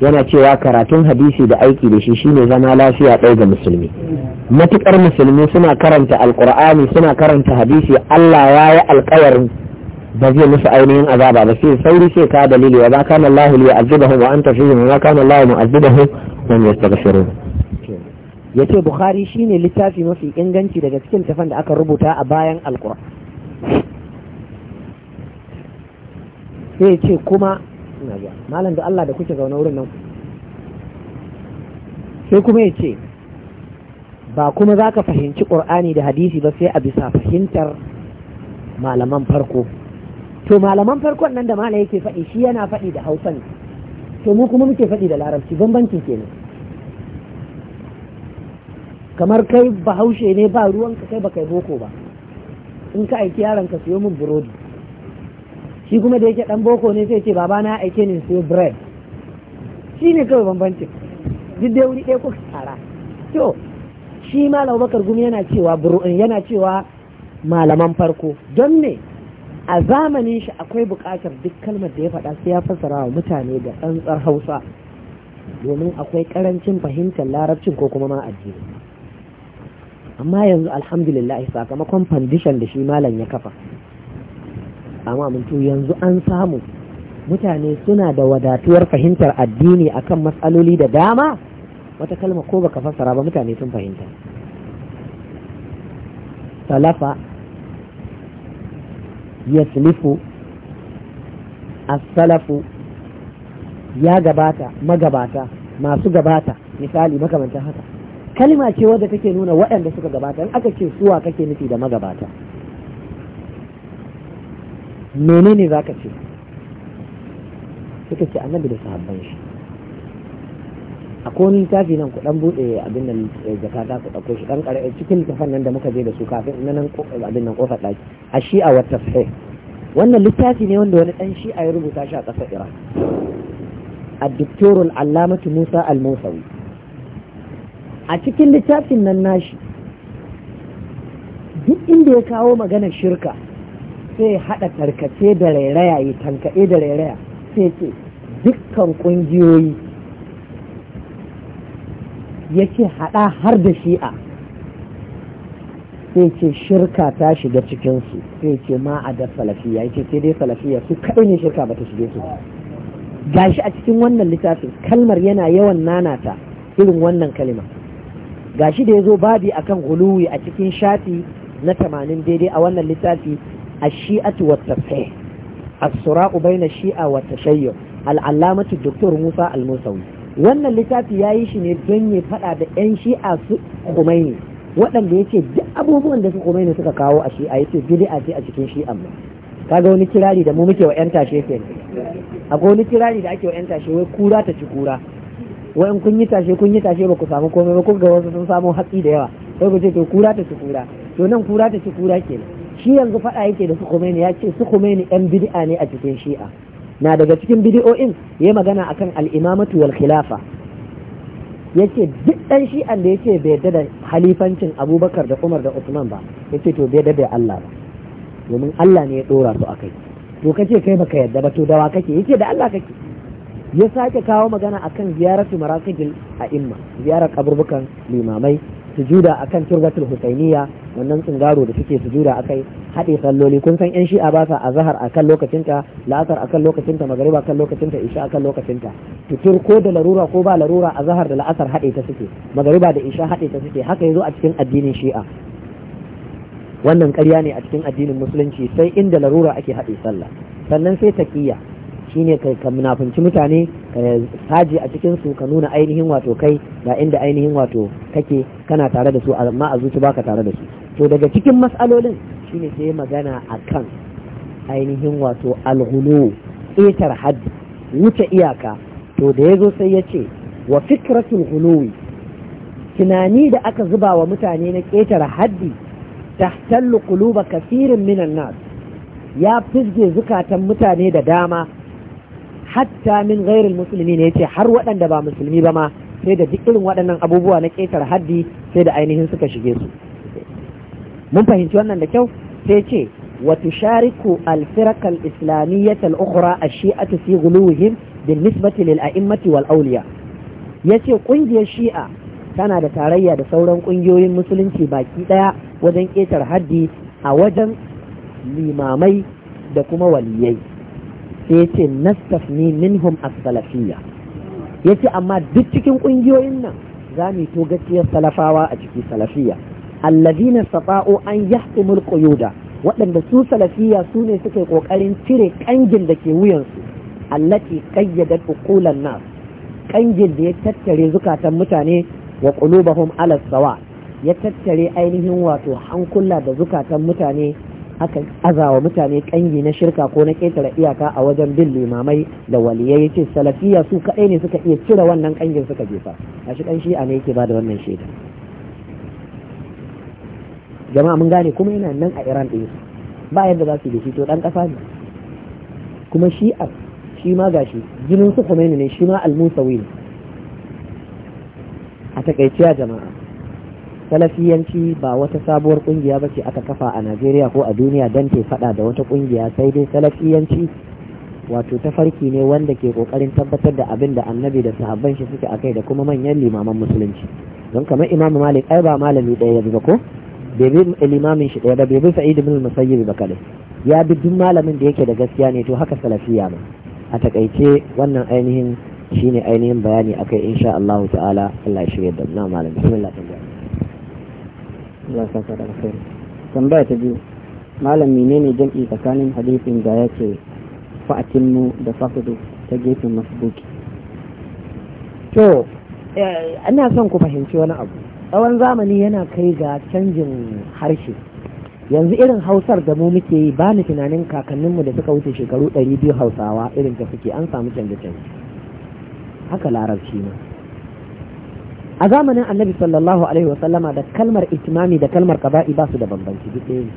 yana cewa karatun hadisi da aiki da shi shine zama lafiya ɗaya ga musulmi matukar musulmi suna karanta alkur'ani suna karanta hadisi Allah ya yi alkawarin ba zai musu ainihin azaba ba sai sauri sai ka dalili wa ba kana Allah li wa anta fihim wa kana Allah mu'azibuhum wa hum yace bukhari shine littafi mafi inganci daga cikin tafan da aka rubuta a bayan alkur'ani sai ce kuma suna zuwa malam da Allah da kuke zaune wurin nan sai kuma ya ce ba kuma za ka fahimci ƙur'ani da hadisi ba sai a bisa fahimtar malaman farko to malaman farkon nan da mala yake faɗi shi yana faɗi da hausa ne to mu kuma muke faɗi da larabci bambancin kenan kamar kai bahaushe ne ba ruwanka kai ba kai boko ba in ka aiki yaron ka siyo min burodi shi kuma da yake dan boko ne sai ce baba na aike ni su bread shi ne kawai bambanci duk dai wuri ɗaya ko tsara to shi malam bakar gumi yana cewa yana cewa malaman farko don ne a zamanin shi akwai bukatar duk kalmar da ya faɗa sai ya fassara wa mutane da tsantsar hausa domin akwai karancin fahimtar larabcin ko kuma ma addini amma yanzu alhamdulillah sakamakon fandishan da shi malam ya kafa amma mun yanzu an samu mutane suna da wadatuwar fahimtar addini akan matsaloli da dama wata kalma ko baka fassara ba mutane sun fahimta salafa ya as-salafu ya gabata magabata masu gabata misali makamantar haka kalma ce wadda take nuna waɗanda suka gabata in aka ce suwa kake nufi da magabata menene za ka ce suka ce annabi da sahabban shi akwai wani littafi nan kudan buɗe abin nan eh, za ku ɗauko shi ɗan ƙarfi cikin littafin nan da muka je da su kafin na nan abin nan ƙofar ɗaki a shi'a wata sai wannan littafi ne wanda wani ɗan shi'a ya rubuta shi a ƙasar iran a diktorul allamatu musa al-musawi a cikin littafin nan nashi duk inda ya kawo maganar shirka sai haɗa tarkace da rairaya ya tankaɗe da rairaya sai ce dukkan ƙungiyoyi ya ce haɗa har da shi'a sai ce shirka ta shiga cikinsu sai ce ma a da salafiya ya ce sai dai salafiya su kaɗai ne shirka ba ta shige su gashi a cikin wannan littafin kalmar yana yawan nanata irin wannan Ga gashi da ya zo babi akan huluwi a cikin shafi na tamanin daidai a wannan littafi الشيئة shi'a الصراع بين الشيئة والتشيع العلامة الدكتور موسى الموسوي wannan littafi ya yi shi ne don faɗa da 'yan shi'a su kumaini waɗanda ya ce duk abubuwan da su kumaini suka kawo a shi'a ya ce bid'a ce a cikin shi'an mu kaga wani kirari da mu muke wa 'yan tashe ke akwai wani kirari da ake wa 'yan tashe wai kura ta ci kura wai kun yi tashe kun yi tashe ba ku samu komai ba kun ga wasu sun samu hatsi da yawa sai ku ce to kura ta ci kura to nan kura ta ci kura kenan shi yanzu faɗa yake da su Khomeini ya ce su Khomeini ɗan bid'a ne a cikin shi'a na daga cikin bidi'o'in ya magana a kan al'imamatu wal khilafa ya ce duk ɗan shi'an da ya ce bai yadda da halifancin abubakar da umar da usman ba ya ce to bai yadda da Allah ba domin Allah ne ya ɗora su a kai to kace kai baka yarda ba to dawa kake ya ce da Allah kake ya sake kawo magana akan ziyaratu marakijil a imma ziyarar kaburbukan limamai sujuda kan turbatul husainiya wannan tsingaro da suke sujuda kai. haɗe salloli kun san yan shi'a ba sa azhar akan lokacinta la'asar a akan lokacinta magariba akan lokacinta isha a akan lokacinta fitur ko da larura ko ba larura azhar da la'asar haɗe ta suke magariba da isha haɗe ta suke haka yazo a cikin addinin shi'a wannan ƙarya ne a cikin addinin musulunci sai inda larura ake haɗe sallah sannan sai taqiyya shine kai ka munafunci mutane ka saji a cikin su ka nuna ainihin wato kai ga inda ainihin wato kake kana tare da su amma a zuci baka tare da su to daga cikin matsalolin shine sai magana akan ainihin wato alghulu itar haddi wuce iyaka to da yazo sai ya ce wa fikratul ghuluwi tunani da aka zuba wa mutane na ƙetare haddi tahtallu quluba kasirin minan nas ya fizge zukatan mutane da dama hatta min ghairil musulmi ne yace har waɗanda ba musulmi ba ma sai da duk irin waɗannan abubuwa na ƙetare haddi sai da ainihin suka shige su mun fahimci wannan da kyau sai ce wa tushariku al-firaq al-islamiyyah al-ukhra ash-shi'atu fi ghuluwihim bin-nisbati lil-a'immati wal-awliya yace kungiyar shi'a tana da tarayya da sauran kungiyoyin musulunci baki daya wajen ƙetar haddi a wajen limamai da kuma waliyai sai ya ce nastafni minhum as-salafiyya ya ce amma duk cikin ƙungiyoyin nan za mu to gaskiyar salafawa a ciki salafiyya allazina safa'u an yahtimul quyuda waɗanda su salafiyya su ne suke ƙoƙarin cire ƙangin da ke wuyansu allati qayyadat uqulan nas ƙangin da ya tattare zukatan mutane wa qulubahum ala sawa ya tattare ainihin wato hankula da zukatan mutane haka azawa mutane kangi na shirka ko na ketare iyaka a wajen bin limamai da waliyai yace salafiya su kadai ne suka iya cire wannan kangin suka jefa a shi kanshi a ne yake bada wannan shaida jama'a mun gane kuma yana nan a Iran din ba yadda za su yi shi to dan kasa ne kuma shi a shi ma gashi jinin su kuma ne shi ma al-Musawi a takaiciya jama'a salafiyanci ba wata sabuwar kungiya ba ce aka kafa a najeriya ko a duniya don ke faɗa da wata kungiya sai dai salafiyanci wato ta farki ne wanda ke kokarin tabbatar da abin da annabi da sahabban shi suke akai da kuma manyan limaman musulunci don kamar imamu malik ai ba malami ɗaya ya ba ko bai bi limamin shi ɗaya ba bai bi sa'id ibn musayyib ba kadai ya bi duk malamin da yake da gaskiya ne to haka salafiya ma a takaice wannan ainihin shine ainihin bayani akai insha Allah ta'ala Allah ya shirye da na malam bismillah Allah ya saka da tambaya ta biyu malam menene jam'i tsakanin hadisin da ya ce fa'atinmu da fakudu ta gefen masbuki to ana eh, son ku fahimci wani abu tsawon zamani yana kai ga canjin harshe yanzu irin hausar da mu muke yi ba ni tunanin kakanninmu da suka wuce shekaru ɗari biyu hausawa irin ta suke an samu canje-canje haka larabci ne a zamanin annabi sallallahu alaihi wa sallama da kalmar itimami da kalmar qaba'i ba su da bambanci duk ne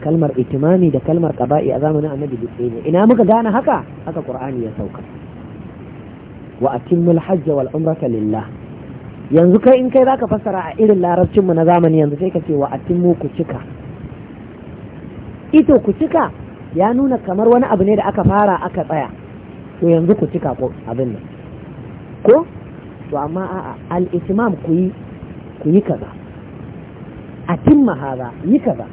kalmar itimami da kalmar qaba'i a zamanin annabi duk ne ina muka gane haka haka qur'ani ya sauka wa atimmul hajj wal umrata lillah yanzu kai in kai zaka fassara a irin larabcin mu na zamani yanzu sai ka ce wa atimmu ku cika ito ku cika ya nuna kamar wani abu ne da aka fara aka tsaya to yanzu ku cika ko abin nan ko to amma a'a al ku yi kaza A kaza atimma yi kaza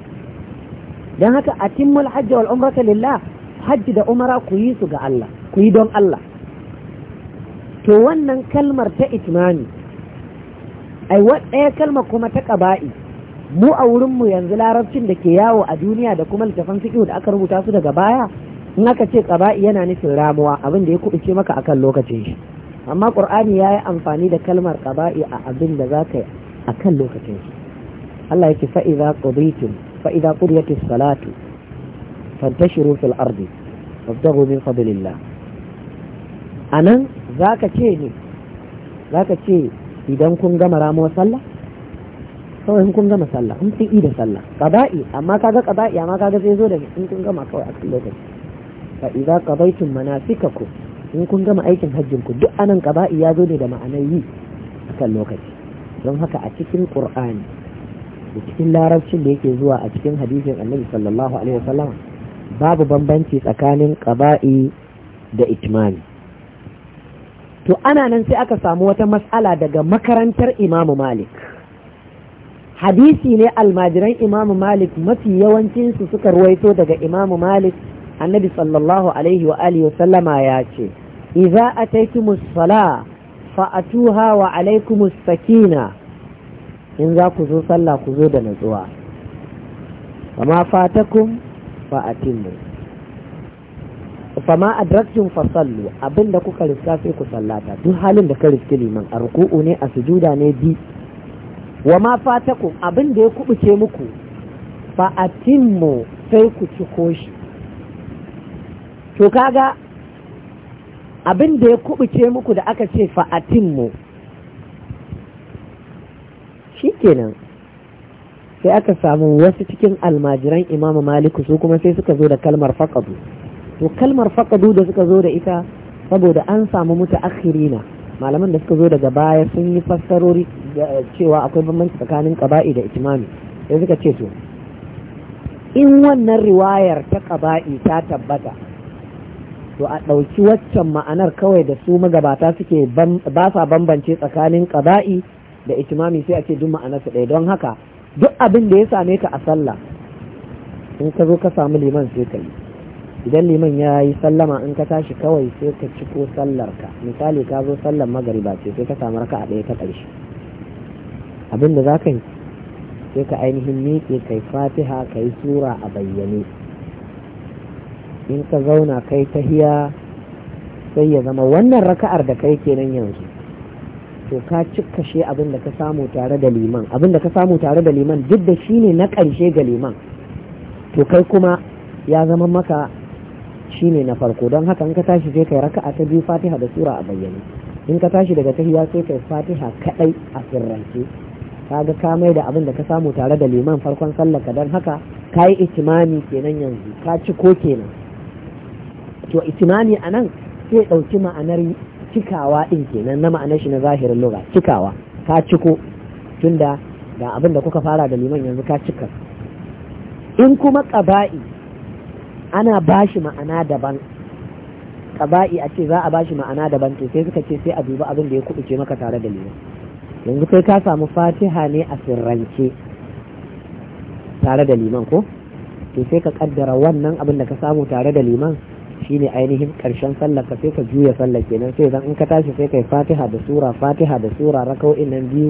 Don haka a atimmul hajji wal umrata lillah hajji da umara ku yi su ga Allah ku yi don Allah to wannan kalmar ta itmami ai ɗaya kalmar kuma ta ƙaba'i mu a wurinmu yanzu larabcin da ke yawo a duniya da kuma littafan fiƙihu da aka rubuta su daga baya in aka ce ƙaba'i yana nufin ramuwa abin da ya kuɓuce maka akan lokacin shi amma qur'ani ya yi amfani da kalmar qaba'i a abin da za ka yi a kan lokacin shi Allah yake fa idza Fa'iza fa idza qudiyatis salatu fantashiru fil ardi wabtaghu min fadlillah anan zaka ce ne zaka ce idan kun gama ramo sallah kawai in kun gama sallah in kun da sallah qada'i amma kaga qada'i amma kaga sai zo da in kun gama kawai a cikin lokacin fa idza qadaytum manasikakum in kun gama aikin hajjin ku duk anan qaba'i ya zo ne da ma'anar yi a kan lokaci don haka a cikin qur'ani da cikin larabcin da yake zuwa a cikin hadisin annabi sallallahu alaihi wasallam babu bambanci tsakanin qaba'i da itmani. to ana nan sai aka samu wata matsala daga makarantar imamu malik hadisi ne almajiran imamu malik mafi yawancinsu suka ruwaito daga imamu malik annabi sallallahu alaihi wa alihi wa sallama ya ce idza ataytumus sala atuha wa alaikumus sakina in za ku zo sallah ku zo da natsuwa fama fatakum fa'atimmu fama adraktum fasallu abinda kuka riska sai ku sallata duk halin da ka riske liman arku'u ne a sujuda ne bi wa ma fatakum abin abinda ya kubuce muku fa'atimmu sai ku ci koshi to kaga abin da ya kubuce muku da aka ce fa'atinmu shikenan sai aka samu wasu cikin almajiran imamu maliku su kuma sai suka zo da kalmar faƙadu to kalmar faƙadu da suka zo da ita saboda an samu muta akhirina malaman da suka zo daga baya sun yi fassarori cewa akwai bambanci tsakanin ƙaba'i da itimami sai suka ce to in wannan riwayar ta ƙaba'i ta tabbata to a ɗauki waccan ma'anar kawai da su magabata suke ba sa bambance tsakanin ƙaba'i da itimami sai a ce duk ma'anar su ɗaya don haka duk abin da ya same ka a sallah in ka zo ka samu liman sai ka yi idan liman ya yi sallama in ka tashi kawai sai ka ciko sallar ka misali ka zo sallar magariba ce sai ka samu raka a ɗaya ta ƙarshe abin da za ka yi sai ka ainihin miƙe kai fatiha ka sura a bayyane in ka zauna kai tahiya sai ya zama wannan raka'ar da kai kenan yanzu to ka shi abin da ka samu tare da liman abin da ka samu tare da liman duk da shi ne na ƙarshe ga liman to kai kuma ya zama maka shi ne na farko don haka in ka tashi sai kai raka'a ta biyu fatiha da sura a bayyane in ka tashi daga tahiya sai kai fatiha kadai a sirrance kaga ka mai da abin da ka samu tare da liman farkon sallar ka don haka ka yi itimami kenan yanzu ka ci ko kenan to itimani a nan sai ɗauki ma'anar cikawa ɗin kenan na ma'anar shi na zahirin lura cikawa ka ciko tunda ga abin da kuka fara da liman yanzu ka cika in kuma ƙaba'i ana bashi ma'ana daban ƙaba'i a ce za a bashi ma'ana daban to sai suka ce sai a duba abin da ya kuɗuce maka tare da liman yanzu kai ka samu fatiha ne a sirrance tare da liman ko to sai ka kaddara wannan abin da ka samu tare da liman shine ainihin karshen sallar ka sai ka juya sallar kenan sai zan in ka tashi sai kai fatiha da sura fatiha da sura raka'o'in nan biyu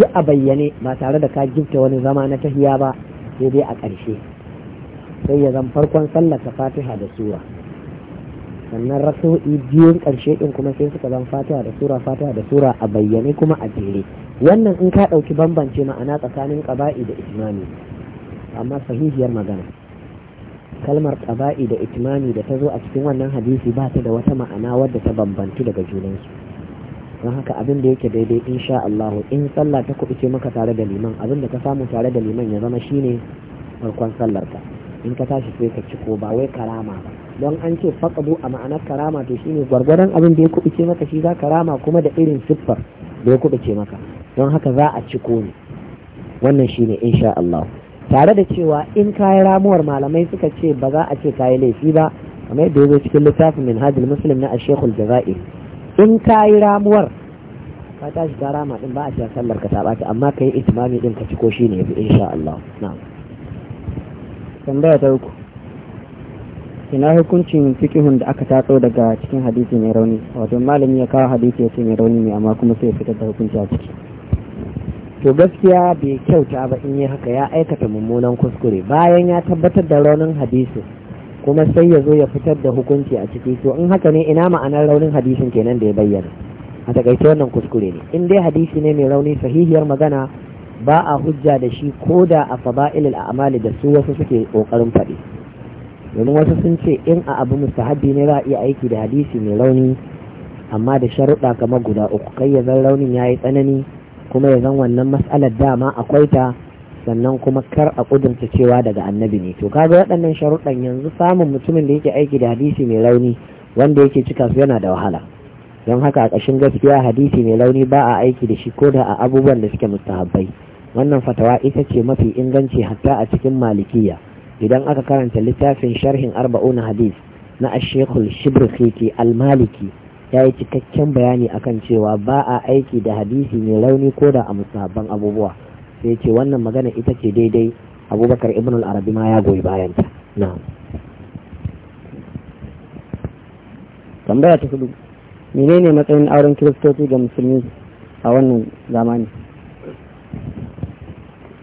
ji a bayyane ba tare da ka gifta wani zama na tahiya ba sai dai a ƙarshe sai ya zan farkon sallar ka fatiha da sura sannan raka'o'i biyun karshe din kuma sai suka zan fatiha da sura fatiha da sura a bayyane kuma a jere wannan in ka ɗauki bambance ma'ana tsakanin ƙaba'i da ismani amma sahihiyar magana kalmar ƙaba'i da itimami da ta zo a cikin wannan hadisi ba ta da wata ma'ana wadda ta bambantu daga junansu don haka abin da yake daidai sha Allah in sallah ta kuɓi ce maka tare da liman abin da ka samu tare da liman ya zama shine farkon sallar ka in ka tashi sai ka ci ko ba wai karama ba don an ce faqdu a ma'anar karama to shine gwargwadon abin da ya kuɓi ce maka shi za karama kuma da irin siffar da ya kuɓi ce maka don haka za a ci ko ne wannan shine sha Allah tare da cewa in kayi ramuwar malamai suka ce ba za a ce kayi laifi ba kamar yadda yazo cikin littafin hajjil muslim na ashekul jaza'i in kayi ramuwar ka tashi ta rama din ba a cewa sallar ka ta amma kai itimami din ka ciko shine yafi insha Allah na'am tambaya ta uku ina hukuncin fikihun da aka tatso daga cikin hadisi mai rauni wato malami ya kawo hadisi ya ce mai rauni ne amma kuma sai ya fitar da hukunci a ciki to gaskiya bai kyauta ba in yi haka ya aikata mummunan kuskure bayan ya tabbatar da raunin hadisi kuma sai ya zo ya fitar da hukunci a ciki to in haka ne ina ma'anar raunin hadisin kenan da ya bayyana a takaice wannan kuskure ne in dai hadisi ne mai rauni sahihiyar magana ba a hujja da shi ko da a faba'il al'amali da su wasu suke kokarin faɗi domin wasu sun ce in a abu mustahabi ne za a iya aiki da hadisi mai rauni amma da sharuɗa kamar guda uku kai ya raunin ya yi tsanani kuma ya zan wannan mas'alar dama akwai ta sannan kuma kar a kudurta cewa daga annabi ne to kaga waɗannan sharuɗan yanzu samun mutumin da yake aiki da hadisi mai rauni wanda yake cika su yana da wahala don haka a ƙashin gaskiya hadisi mai rauni ba a aiki da shi ko da a abubuwan da suke mustahabbai wannan fatawa ita ce mafi inganci hatta a cikin malikiya idan aka karanta littafin sharhin arba'una hadis na ashekul shibrikiki al-maliki al-maliki ya yi cikakken bayani akan cewa ba a aiki da hadisi mai rauni ko da a musabban abubuwa sai ce wannan magana ita ce daidai abubakar ibn al-arabi ma ya goyi bayanta na tambaya ta hudu menene matsayin auren kiristoci ga musulmi a wannan zamani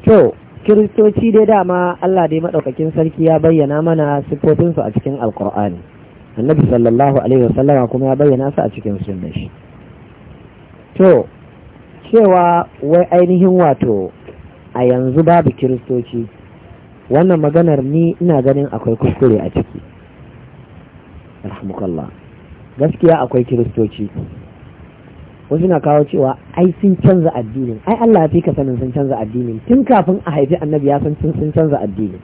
to kiristoci dai dama allah dai maɗaukakin sarki ya bayyana mana siffofinsu a cikin alkur'ani annabi sallallahu alaihi wasallama kuma ya bayyana su a cikin sunan shi to cewa wai ainihin wato a yanzu babu kiristoci wannan maganar ni ina ganin akwai kuskure a ciki alhamdulillah gaskiya akwai kiristoci wasu na kawo cewa ai sun canza addinin ai Allah ya fi ka sanin sun canza addinin tun kafin a haifi annabi ya san sun canza addinin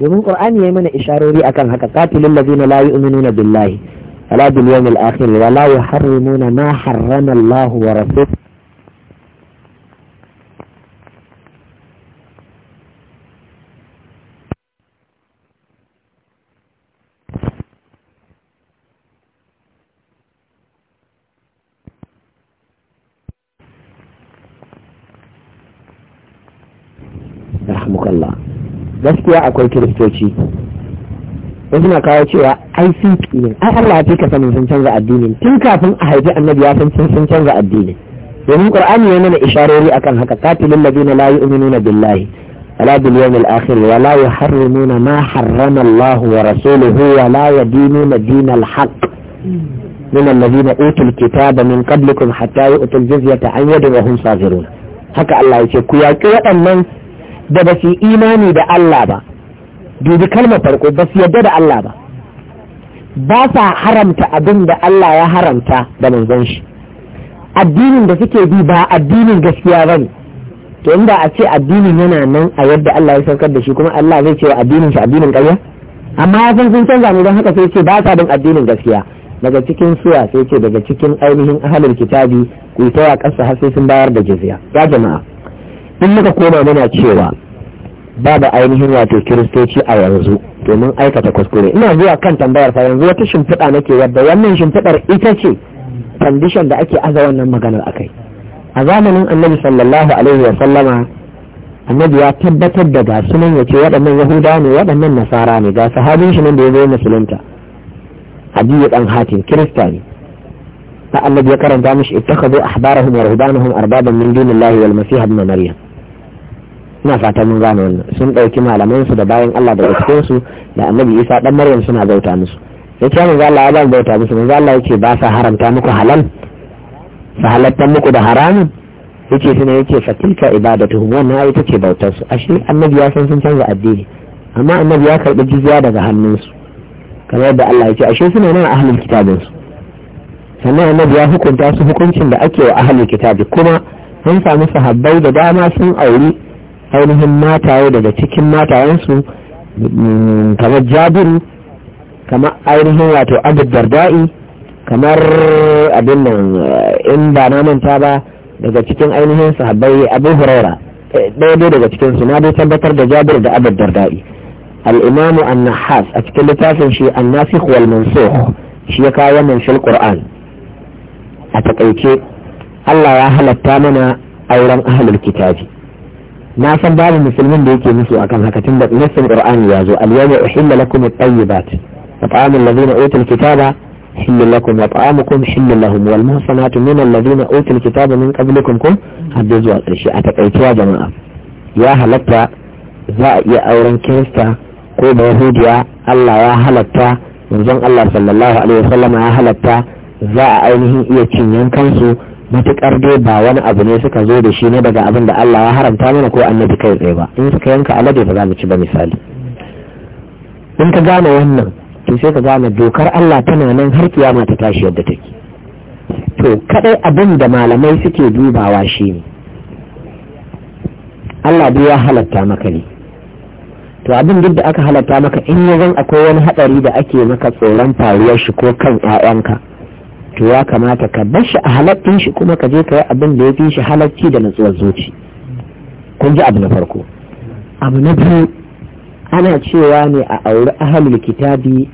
domin qur'ani yayi mana isharori akan haka qatilul ladina la yu'minuna billahi wala bil yawmil akhir wala yuharrimuna ma harrama Allah wa rasuluhu gaskiya akwai kiristoci wasu na kawo cewa ai sun ne ai Allah ya sanin sun canza addinin tun kafin a haifi annabi ya san sun canza addinin domin qur'ani ya nuna isharori akan haka qatilul ladina la yu'minuna billahi wala bil yawmil akhir wala yuharrimuna ma harrama Allah wa rasuluhu wala yadinuna dinal haqq من الذين أوتوا الكتاب من قبلكم حتى يؤتوا الجزية عن يد وهم صاغرون haka Allah ya ce ku yaƙi waɗannan da ba su imani da Allah ba dubi kalmar farko ba su yadda da Allah ba ba sa haramta abin da Allah ya haramta da manzon shi addinin da suke bi ba addinin gaskiya ba ne to inda a ce addinin yana nan a yadda Allah ya saukar da shi kuma Allah zai ce wa addinin shi addinin ƙarya amma ya san sun canza ne don haka sai ce ba sa bin addinin gaskiya daga cikin suwa sai ce daga cikin ainihin ahalin kitabi ku yi ta ƙasa har sai sun bayar da jizya ya jama'a in muka koma muna cewa babu ainihin wato kiristoci a yanzu domin aikata kuskure ina zuwa kan tambayar fa yanzu wata shimfiɗa nake wadda wannan shimfiɗar ita ce kandishan da ake aza wannan maganar akai a zamanin annabi sallallahu alaihi wa sallama annabi ya tabbatar da gasu nan ya ce waɗannan yahuda ne waɗannan nasara ne ga sahabin shi nan da ya zo musulunta hadiyu dan hatim kirista ne ta annabi ya karanta mishi ittakhadhu ahbarahum wa ruhbanahum arbaban min dunillahi wal masih ibn maryam ina fata mun gane wannan sun ɗauki su da bayan Allah daga su da annabi isa dan maryam suna bauta musu ya ce manzo Allah ya ba bauta musu manzo Allah yake ba sa haramta muku halal fa halatta muku da haramun yace suna yake fatilka ibadatuhum wannan ai take bautar su ashe annabi ya san sun canza addini amma annabi ya karɓi jizya daga hannunsu kamar yadda Allah ya ce ashe suna nan ahlul kitabin su sannan annabi ya hukunta su hukuncin da ake wa ahlul kitabi kuma sun samu sahabbai da dama sun auri ainihin mataye daga cikin matayensu kamar jabiru kamar ainihin wato abid da'i kamar abin nan in ba na manta ba daga cikin ainihin sahabbai abu huraira daidai daga cikin su na dai tabbatar da jabir da abid darda'i al-imamu an-nahas a cikin littafin shi an-nasikh wal mansukh shi ya kawo wannan fil qur'an a taƙaice Allah ya halatta mana auren ahlul kitabi na san babu musulmin da yake musu akan haka tun da nassin qur'ani ya zo al-yawma uhilla lakum at-tayyibat wa ta'amul ladina utul kitaba حل لكم وطعامكم حل لهم والمحصنات من الذين اوتوا الكتاب من قبلكم كم حدزوا الشيء اتقيتوا جماعه يا هلتا za a iya auren kirista ko da yahudiya Allah ya halatta manzon Allah sallallahu alaihi wasallam ya halatta za a ainihin iya cin yankansu matuƙar dai ba wani abu ne suka zo da shi ne daga abin da Allah ya haramta mana ko annabi kai tsaye ba in suka yanka alade ba za mu ci ba misali in ka gane wannan to sai ka gane dokar Allah tana nan har kiyama ta tashi yadda take to kadai abin da malamai suke dubawa shi ne, Allah duk ya halatta maka ne to abin duk da aka halatta maka in ya zan akwai wani hadari da ake maka tsoron faruwar shi ko kan 'ya'yanka to ya kamata ka bar shi a halaccin shi kuma ka je ka yi abin da ya fi shi halacci da natsuwar zuci kun ji abu na farko abu na biyu ana cewa ne a auri ahalul kitabi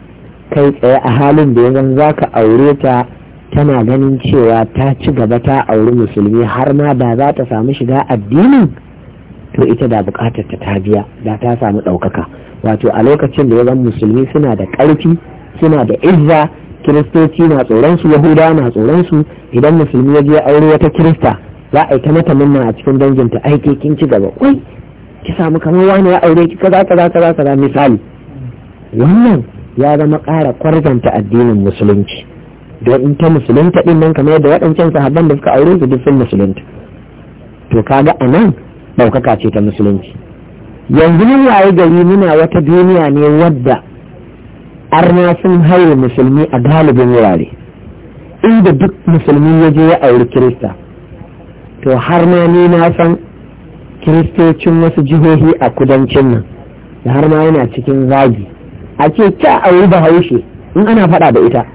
kai tsaye a halin da yanzu za ka aure ta tana ganin cewa ta ci gaba ta auri musulmi har ma ba za ta samu shiga addinin to ita da bukatar ta tabiya da ta samu ɗaukaka wato a lokacin da ya musulmi suna da ƙarfi suna da izza kiristoci na tsoron su yahuda na tsoron su idan musulmi ya je aure wata kirista za a yi ta mata murna a cikin danginta aiki kin ci gaba kwai ki samu kamar wani ya aure ki kaza kaza kaza kaza misali wannan ya zama ƙara kwarzanta addinin musulunci don in ta musulunta din nan kamar da waɗancan sahabban da suka aure su duk sun musulunta to kaga a nan ɗaukaka ce ta musulunci yanzu mun waye gari muna wata duniya ne wadda arna sun haye musulmi a galibin wurare inda duk musulmi ya je ya auri kirista to har ma ni na san kiristocin wasu jihohi a kudancin nan da har ma yana cikin zagi a ce a auri bahaushe in ana faɗa da ita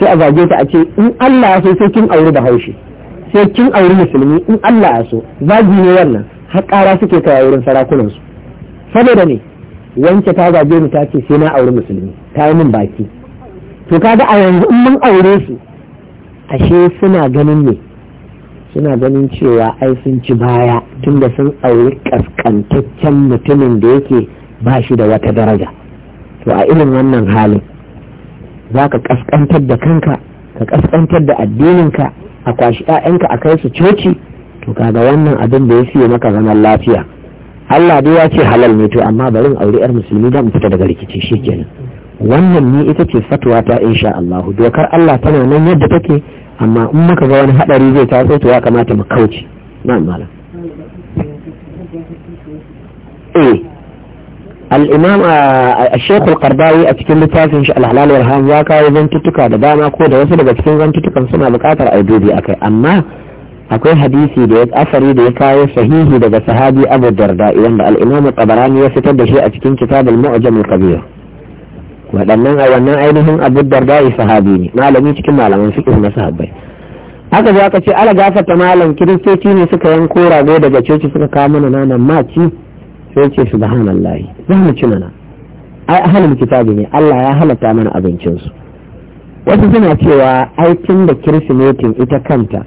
sai a zage ta a ce in Allah ya so sai kin auri bahaushe sai kin auri musulmi in Allah ya so zagi ne wannan har ƙara suke kai wurin sarakunansu saboda ne wance ta gaje ni ta ce sai na auri musulmi ta yi min baki to kaga a yanzu in mun aure su ashe suna ganin ne suna ganin cewa ai sun ci baya tunda sun auri kaskantaccen mutumin da yake ba shi da wata daraja to a irin wannan halin za ka kaskantar da kanka ka kaskantar da addininka a kwashi 'ya'yanka a kai su coci to kaga wannan abin da ya siya maka zaman lafiya Allah dai ya ce halal ne to amma bari in aure yar musulmi da mu fita daga rikici shikenan wannan ni ita ce fatwa ta insha Allah dokar Allah tana nan yadda take amma in muka ga wani hadari zai taso to ya kamata mu kauce na'am malam eh al-imam al-shaykh al-qardawi a cikin littafin shi al-halal wal haram ya kawo zantuttuka da dama ko da wasu daga cikin zantuttukan suna buƙatar aidobi akai amma akwai hadisi da ya asari da ya kawo sahihi daga sahabi abu darda wanda al'imamu tabarani ya fitar da shi a cikin kitabul mu'jamul kabir waɗannan a wannan ainihin abu darda sahabi ne malami cikin malaman fiqh na sahabbai haka za ka ce ala gafata malam kiristoci ne suka yanko rago daga coci suka kawo mana naman maci sai ce subhanallah za mu ci mana ai halin kitabi ne Allah ya halatta mana abincinsu wasu suna cewa aikin da kirsimetin ita kanta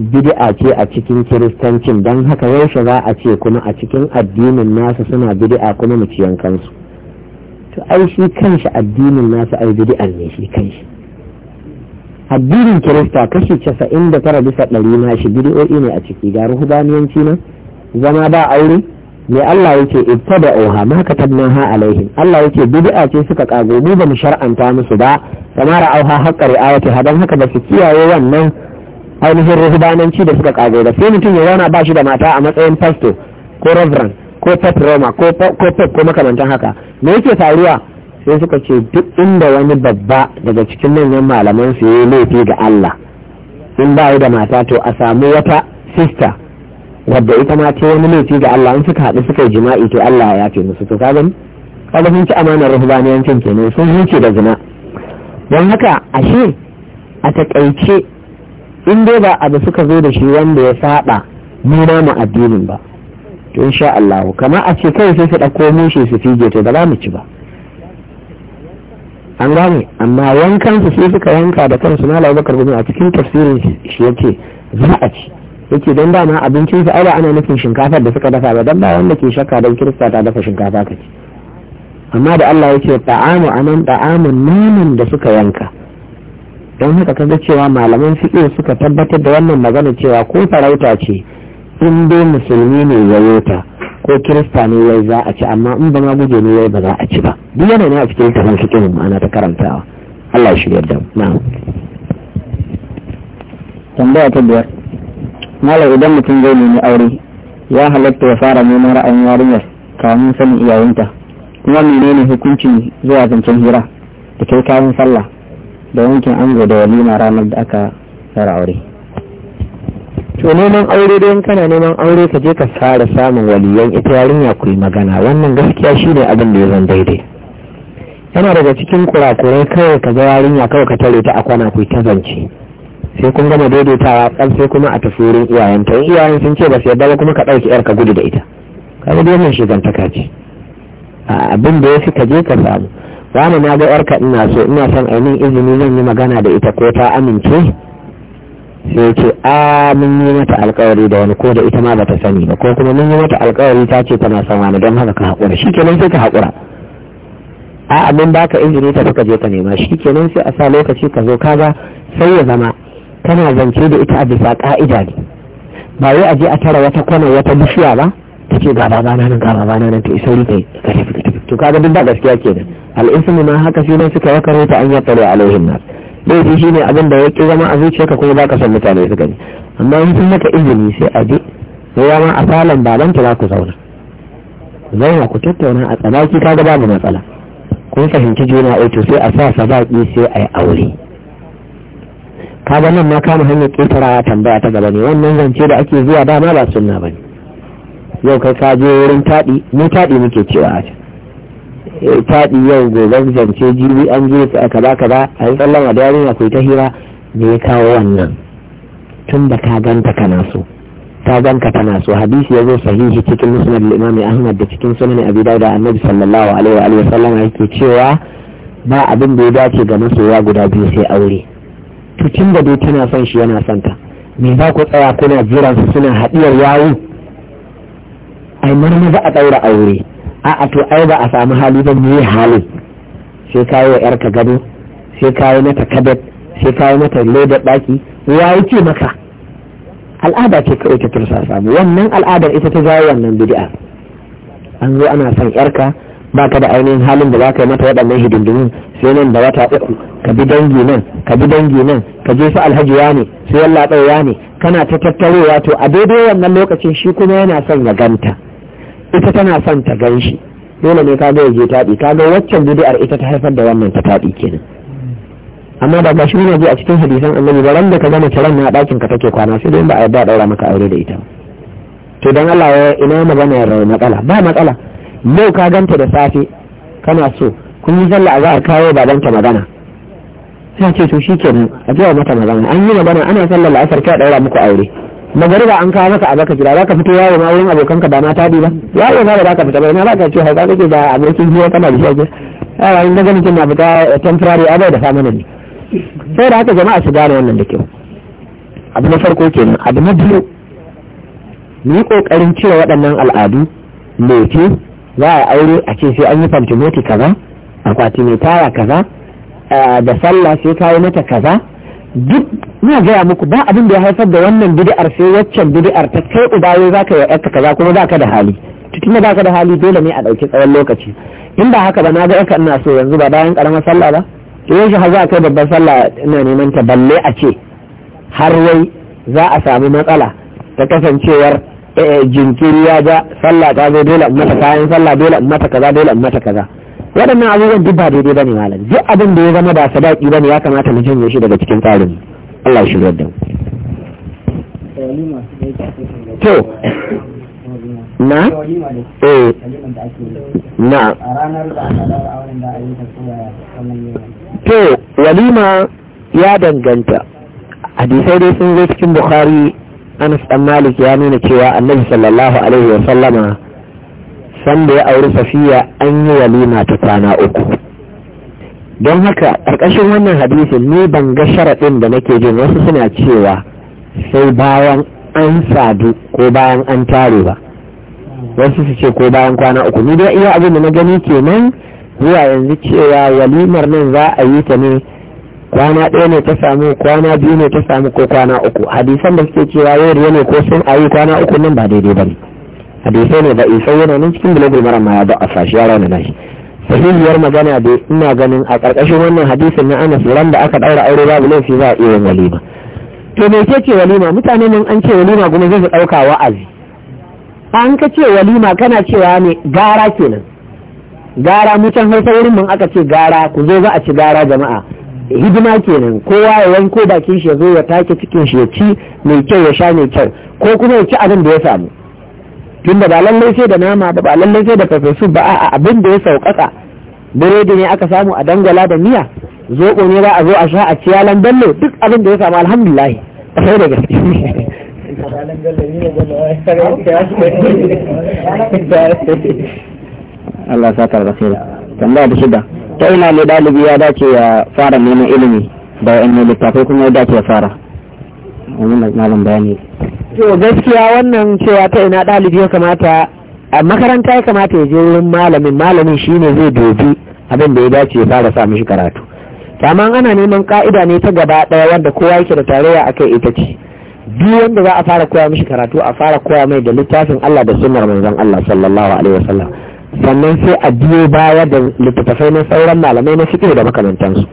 bid'a ce a cikin kiristancin don haka yaushe za a ce kuma a cikin addinin nasu suna bid'a kuma mu ciyan kansu to ai shi kanshi addinin nasu ai bid'a ne shi kanshi addinin kirista kashi casa'in da tara bisa ɗari na shi bid'o'i ne a ciki ga ruhubaniyanci nan zama ba aure ne Allah ita da oha ma tabna ha alaihim Allah ya yake bid'a ce suka kago mu ba mu shar'anta musu ba kamar auha haqqari ha don haka ba su kiyaye wannan ainihin ruhubananci da suka kago da sai mutum ya zauna ba shi da mata a matsayin pasto ko reverend ko pep roma ko pep ko makamantan haka me yake faruwa sai suka ce duk inda wani babba daga cikin manyan malaman su yi laifi ga Allah in ba da mata to a samu wata sista wadda ita ma ta wani laifi ga Allah in suka haɗu suka yi jima'i to Allah ya yafe musu to kaga kaga sun ci amanar ruhbaniyancin kenan sun huce da zina don haka ashe a taƙaice. in dai ba abu suka zo da shi wanda ya saba nuna mu addinin ba to insha Allah kama a ce kai sai su mu shi su fige to ba za mu ci ba an gane amma wankan su sai suka yanka da kansu na Allah bakar a cikin tafsirin shi yake za a ci yake don dama abincin sa ala ana nufin shinkafar da suka dafa ba dan ba wanda ke shakka don kirista ta dafa shinkafa kake amma da Allah yake ta'amu anan ta'amun naman da suka yanka don haka ga cewa malaman fiɗo suka tabbatar da wannan magana cewa ko farauta ce in dai musulmi ne ya ta ko kirista ne ya za a ci amma in ba ma guje ne wai ba za a ci ba duk yana ne a cikin littafin fiƙin ma'ana ta karantawa Allah shi yarda na'am tambaya ta biyar malam idan mutum zai nemi aure ya halatta ya fara neman ra'ayin yarinyar kamun sanin iyayenta kuma menene hukuncin zuwa zancen hira da kai kayan sallah da wankin ango da walima ranar da aka tsara aure to neman aure don kana neman aure ka je ka fara samun waliyan ita yarinya ku magana wannan gaskiya shine abin da ya zan daidai yana daga cikin kurakurai kawai ka ga yarinya kawai ka tare ta a kwana ku ta zance sai kun gama daidaitawa tsam sai kuma a tafi wurin iyayenta iyayen sun ce ba su yarda ba kuma ka ɗauki yar ka gudu da ita kaga dai wannan shigantaka ce abin da ya fi ka je ka samu wani na ga yarka ina so ina son ainihin izini zan yi magana da ita ko ta amince sai ce a mun yi mata alkawari da wani ko da ita ma bata sani ba ko kuma mun yi mata alkawari ta ce tana son wani don haka ka haƙura shi kenan sai ka haƙura a abin ka izini ta suka je ka nema shi kenan sai a sa lokaci ka zo kaga sai ya zama kana zance da ita a bisa ka'ida ne ba wai a je a tara wata kwana wata bishiya ba ta ce ga baba na nan ga baba na nan ta isa rika ka tafi ka tafi to kaga duk ba gaskiya nan, al'insu ma haka shi ne suka wakaro ta an yattare alaihin nas laifi shi ne abin da ya ƙi zama a zuciyarka kuma ba ka son mutane suka gani amma in sun maka izini sai a je sai ya ma a falon baban ta za ku zauna zauna ku tattauna a tsanaki ka ga babu matsala kun fahimci juna eh to sai a sa sabaki sai a yi aure ka nan ma kama hanyar ƙetarawa tambaya ta gaba ne wannan zance da ake zuwa dama ba sunna ba ne yau kai ka je wurin taɗi mu taɗi muke cewa a can eh, taɗi yau gobe zance jirgi an je kaba kaba a yi tsallon a dare na ta hira me ya kawo wannan tun da ka ganta kana so ta ganka tana so hadisi ya zo sahihi cikin musnad al ahmad da cikin sunan abi dawud annabi sallallahu alaihi wa alihi wasallam yake cewa ba abin da ya dace ga masoya guda biyu sai aure to tun da dai tana son shi yana son me za ku tsaya kuna jiran su suna haɗiyar yawo ai marmaza a daura aure a a to ai ba a samu hali ba ne hali. sai kawo yarka gado sai kawo mata kabet sai kawo mata leda ɗaki ya yake ce maka al'ada ce kawai ta tursa samu wannan al'adar ita ta jawo wannan bid'a an zo ana son yarka baka da ainihin halin da zaka yi mata waɗannan hidindimin sai nan da wata uku ka bi dangi nan ka bi dangi nan ka je su alhaji ya ne su yalla ne kana ta tattarowa to a daidai wannan lokacin shi kuma yana son ya ganta ita tana son ta gan shi dole ne kaga ya je taɗi kaga waccan bid'ar ita ta haifar da wannan ta taɗi kenan amma da gashi muna je a cikin hadisan annabi ba ran da ka gama taron na ɗakin ka take kwana sai dai ba a yarda daura maka aure da ita to dan Allah ya ina magana ya matsala ba matsala yau ka ganta da safe kana so kun yi sallah za a kawo babanta magana sai ce to shikenan a jiya mata magana an yi magana ana sallar la'asar ka daura muku aure magariba an kawo maka abaka gida za ka fito yawo ma wurin abokanka ba mata bi ba yawo ma ba za ka fita ba ina ba ka ce hauka kake da abokin hira kana da shage yawa in daga mutum na fita eh, temporary abai da family ne sai da haka jama'a su gane wannan da kyau abu na farko kenan abu na biyu Ni kokarin cire waɗannan al'adu leke za a aure a ce sai an yi fantimoti kaza akwati mai tara kaza eh, da sallah sai kawo mata kaza duk na gaya muku ba abin da ya haifar da wannan bid'ar sai waccan bid'ar ta kai ubaye za ka yi kaza kuma za ka da hali cikin da ka da hali dole ne a ɗauki tsawon lokaci in ba haka ba na ga yanka ina so yanzu ba bayan karamar sallah ba yau shi har za kai babban sallah ina neman ta balle a ce har wai za a samu matsala ta kasancewar eh, jinkiri ya ga sallah ta zo dole mata kayan sallah dole in mata kaza dole in mata kaza waɗannan abubuwan duk ba daidai bane malam duk abin da ya zama ba sadaki bane ya kamata mu janye shi daga cikin tsarin Allah shi da mu to na eh na to walima ya danganta hadisai dai sun zo cikin bukhari anas dan malik ya nuna cewa annabi sallallahu alaihi wa sallama sanda ya auri safiya an yi walima ta kwana uku don haka ƙarƙashin wannan hadisin ni ban ga sharaɗin da nake jin wasu suna cewa sai bayan an sadu ko bayan an tare ba wasu su ce ko bayan kwana uku ni dai iya abin da na gani kenan zuwa yanzu cewa walimar nan za a yi ta ne kwana ɗaya ne ta samu kwana biyu ne ta samu ko kwana uku hadisan da suke cewa yau ne ko sun ayi kwana uku nan ba daidai ba ne hadisai ne da isa yana nan cikin bulagul mara ma ya da asashi ya rauna nashi sahihiyar magana da ina ganin a ƙarƙashin wannan hadisin na anas ran da aka ɗaura aure babu laifi za a iya yin walima to me ke ce walima mutane nan an ce walima kuma zai ɗauka wa'azi an ka ce walima kana cewa ne gara kenan gara mutan hausa wurin mun aka ce gara ku zo za a ci gara jama'a hidima kenan kowa ya wanko bakin shi ya zo ya take cikin shi ya ci mai kyau ya sha mai kyau ko kuma ya ci abin da ya samu tunda ba lallai sai da nama ba ba lallai sai da farfesu ba a abin da ya sauƙaƙa biredi ne aka samu a dangwala da miya zoɓo ne ba a zo a sha a ciyalan bello duk abin da ya samu alhamdulillah sai da gaske Allah sa da khaira tambaya da shida ta ina ne dalibi ya dace ya fara neman ilimi da wa'annan littafai kuma ya dace ya fara wani malam bayani to gaskiya wannan cewa ta ina ɗalibi ya kamata a makaranta ya kamata ya je wurin malamin malamin shine zai dobi abin da ya dace ya fara sa mishi karatu amma ana neman ka'ida ne ta gaba ɗaya wanda kowa yake da tarayya akai ita ce duk wanda za a fara koya mishi karatu a fara koya mai da littafin Allah da sunnar manzon Allah sallallahu alaihi wasallam sannan sai a biyo baya da littattafai na sauran malamai na fiqh da makamantansu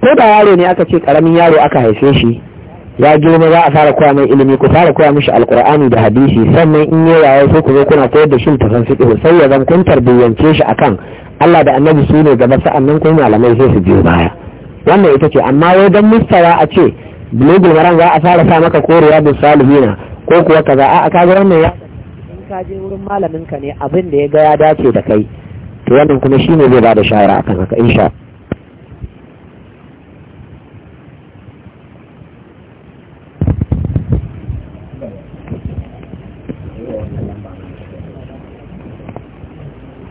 ko da yaro ne aka ce ƙaramin yaro aka haife shi ya girma za a fara koya mai ilimi ku fara koya mishi alkur'ani da hadisi sannan in yi wayo sai ku zo kuna koyar da shi littafin fiqh sai ya zan kun tarbiyyance shi akan Allah da Annabi su ne gaba sa'annan kuma malamai sai su biyo baya wannan ita ce amma wai dan mustawa a ce global maran za a fara sa maka korewa da salihina ko kuwa kaza a kaga wannan ya in ka je wurin malamin ka ne abin da ya ga ya dace da kai to wannan kuma shine zai bada shawara akan haka insha Allah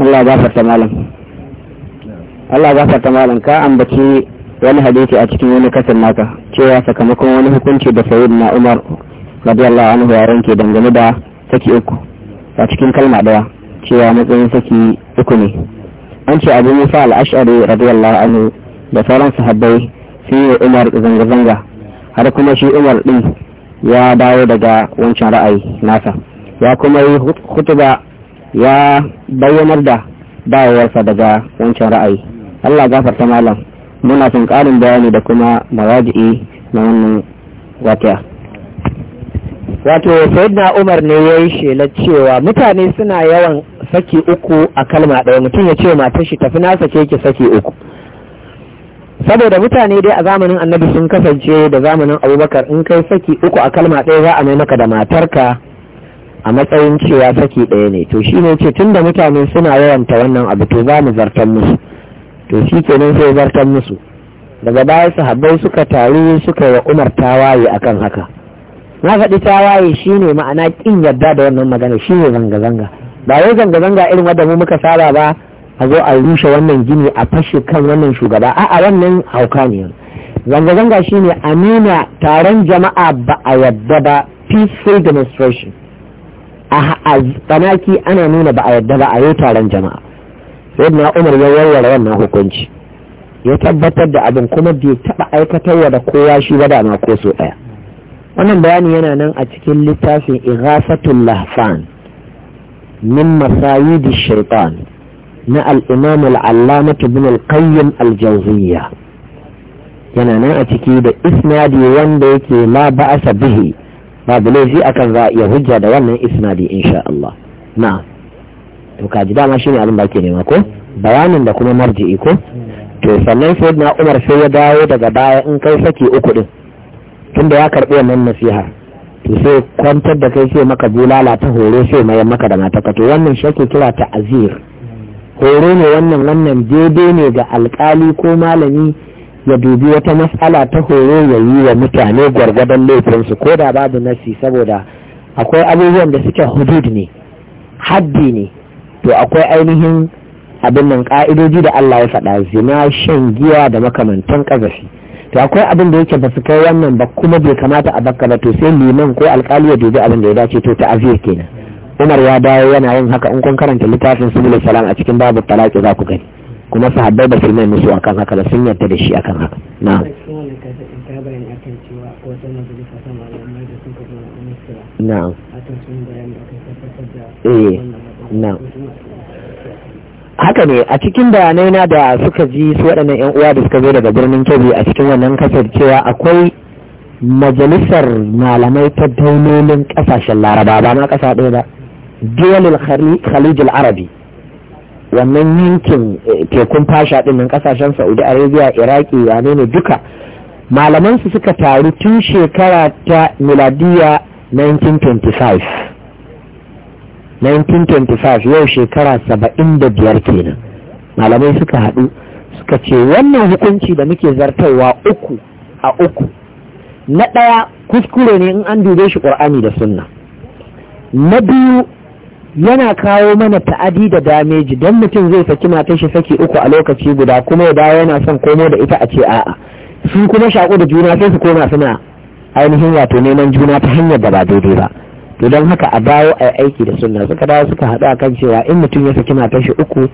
Allah gafarta malam Allah gafarta malam ka ambaci wani hadisi a cikin wani kasar naka cewa sakamakon wani hukunci da sayid na umar radiyallahu anhu ya ranke dangane da saki uku a cikin kalma daya cewa matsayin saki uku ne an ce abu musa al'ashari radiyallahu anhu da sauran sahabbai sun yi umar zanga-zanga har kuma shi umar din ya dawo daga wancan ra'ayi nasa ya kuma yi hutuba ya bayyanar da dawowarsa daga wancan ra'ayi Allah gafarta malam muna son karin bayani da kuma maraji'i na wannan wata wato sayyidina umar ne ya yi shelar cewa mutane suna yawan saki uku a kalma ɗaya mutum ya ce matar shi tafi nasa ke ki saki uku saboda mutane dai a zamanin annabi sun kasance da zamanin abubakar in kai saki uku a kalma ɗaya za a mai maka da matarka a matsayin cewa saki ɗaya ne to shi ne ce tun da mutane suna yawanta wannan abu to za mu zartan musu to shi kenan sai zartan musu daga baya sahabbai suka taru suka wa umar tawaye akan haka na faɗi tawaye shi ne ma'ana ƙin yarda da wannan magana shi ne zanga-zanga ba wai zanga-zanga irin wadda mu muka saba ba a zo a rushe wannan gini a fashe kan wannan shugaba a'a wannan hauka ne zanga-zanga shine a nuna taron jama'a ba a yadda ba peaceful demonstration a tsanaki ana nuna ba a yadda ba a yi taron jama'a sai na umar ya warware wannan hukunci ya tabbatar da abin kuma bai taɓa aikatarwa da kowa shi ba da ko so ɗaya wannan bayani yana nan a cikin littafin ighafatul lahfan min masayidi shaitan na al-imam al-allamah ibn al-qayyim al-jawziyya yana nan a ciki da isnadi wanda yake la ba'asa bihi babu laifi akan za a iya hujja da wannan isnadi insha Allah na to kaji dama shine abin da ake nema ko bayanin da kuma marji'i ko to sannan sai na Umar sai ya dawo daga baya in kai saki uku din tunda ya karbi wannan nasiha to sai kwantar da kai sai maka bulala ta horo sai mai maka da mataka to wannan shake kira ta Azir horo ne wannan wannan daidai ne ga alkali ko malami ya dubi wata matsala ta horo ya yi wa mutane gwargwadon laifinsu ko da babu nasi saboda akwai abubuwan da suke hudud ne haddi ne to akwai ainihin abin nan ka'idoji da Allah ya faɗa zina shan giya da makamantan ƙazafi to akwai abin da yake ba su kai wannan ba kuma bai kamata a bakka ba to sai liman ko alƙali ya dubi abin da ya dace to azir kenan Umar ya dawo yana yin haka in kun karanta littafin Subul Salam a cikin babu talaki za ku gani kuma sahabbai ba su mai musu akan haka ba sun yarda da shi akan haka eh, na haka ne a cikin bayanai na da suka ji su waɗannan 'yan uwa da suka zo daga birnin kebbi a cikin wannan kasar cewa akwai majalisar malamai ta daunolin ƙasashen laraba ba ma ƙasa ɗaya ba duwalin khalijil arabi wannan yankin eh, tekun fasha ɗin nan kasashen saudi arabia iraki wane ne duka malaman su suka taru tun shekara ta miladiya 1925 1925 yau shekara da biyar kenan malamai suka haɗu suka ce wannan hukunci da muke zartarwa uku a uku na ɗaya kuskure ne in an dube shi ƙur'ani da sunna na biyu yana kawo mana ta'adi da dameji don mutum zai saki matar shi saki uku a lokaci guda kuma ya dawo yana son komo da ita a ce a'a su kuma shaƙo da juna sai su koma suna ainihin wato neman juna ta hanyar da ba daidai ba to don haka a dawo a aiki da sunna suka dawo suka haɗu akan cewa in mutum ya saki matar shi uku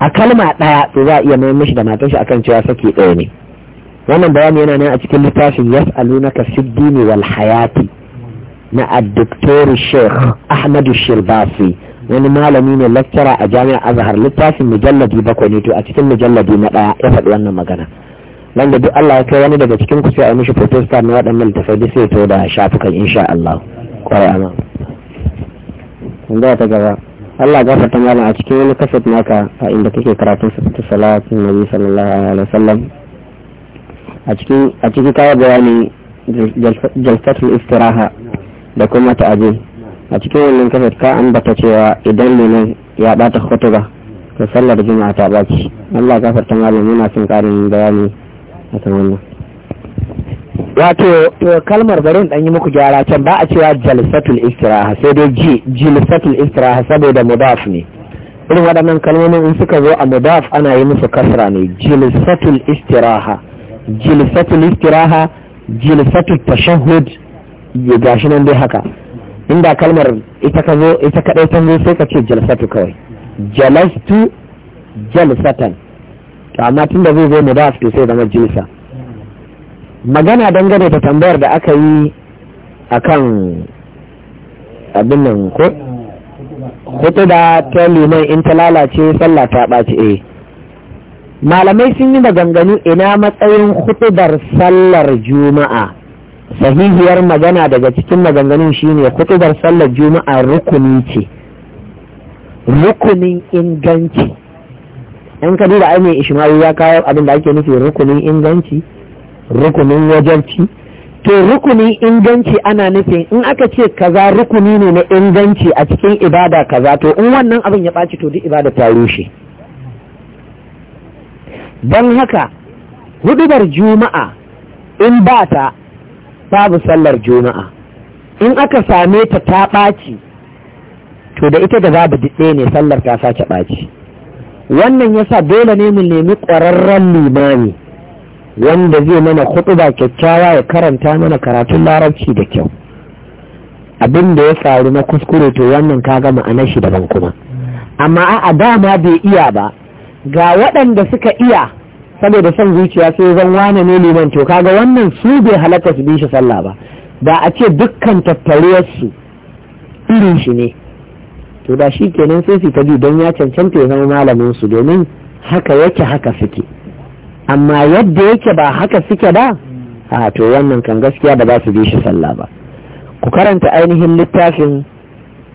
a kalma ɗaya to za a iya mai mishi da matar shi akan cewa saki ɗaya ne wannan bayani yana nan a cikin littafin yas'alunaka fid dini wal hayati na addoktor sheikh ahmadu shirbasi wani malami ne laktara a jami'ar azhar littafin mujalladi bakwai ne to a cikin mujalladi na ɗaya ya faɗi wannan magana nan da duk Allah ya kai wani daga cikin ku sai a mishi protesta na waɗannan littafai da sai to da shafukan insha Allah kwarai ana tambaya ta gaba Allah gafarta mana a cikin wani kasat naka a inda kake karatun sifatu salatin nabi sallallahu alaihi wasallam a cikin a cikin kawai bayani jalsatul istiraha da kuma ta'aji a cikin wannan kafet ka ambata cewa idan liman ya bata khutuba to sallar juma'a ta baci Allah gafarta malam muna son karin bayani kan wannan wato kalmar barin dan yi muku gyara can ba a cewa jalsatul istiraha sai dai ji jalsatul istiraha saboda mudaf ne irin waɗannan kalmomin in suka zo a mudaf ana yi musu kasra ne jalsatul istiraha jalsatul istiraha jalsatul tashahhud ya gashi nan dai haka inda kalmar ita ka zo ita kadai ta zo sai ka ce jalsatu kawai jalastu jalsatan to amma tunda zai zo mudaf to sai zama jilsa magana dangane da tambayar da aka yi akan abin nan ko hutuba ta liman in ta lalace sallah ta ɓaci eh malamai sun yi maganganu ina matsayin hutubar sallar juma'a sahihiyar magana daga cikin maganganun shine kutubar sallar juma'a rukuni ce rukunin inganci in ka duba ainihin ishmaru ya kawo abin da ake nufi rukunin inganci rukunin wajarci to rukunin inganci ana nufin in aka ce kaza rukuni ne na inganci a cikin ibada kaza to in wannan abin ya ɓaci to duk ibada ta rushe don haka hudubar juma'a in ba ta babu sallar juma'a in aka same ta ta ɓaci to da ita da babu diɗe ne sallar ta sace ɓaci wannan yasa dole ne mu nemi ƙwararren limami wanda zai mana kuɗu ba kyakkyawa ya karanta mana karatun larabci da kyau abin da ya faru na kuskure to wannan ka gama a shi daban kuma amma a dama bai iya ba ga waɗanda suka iya saboda son zuciya sai zan wane ne liman to kaga wannan su bai halatta su bi shi sallah ba da a ce dukkan su irin shi ne to da shi kenan sai su ji don ya cancanta ya zama malamin su domin haka yake haka suke amma yadda yake ba haka suke ba a to wannan kan gaskiya ba za su bi shi sallah ba ku karanta ainihin littafin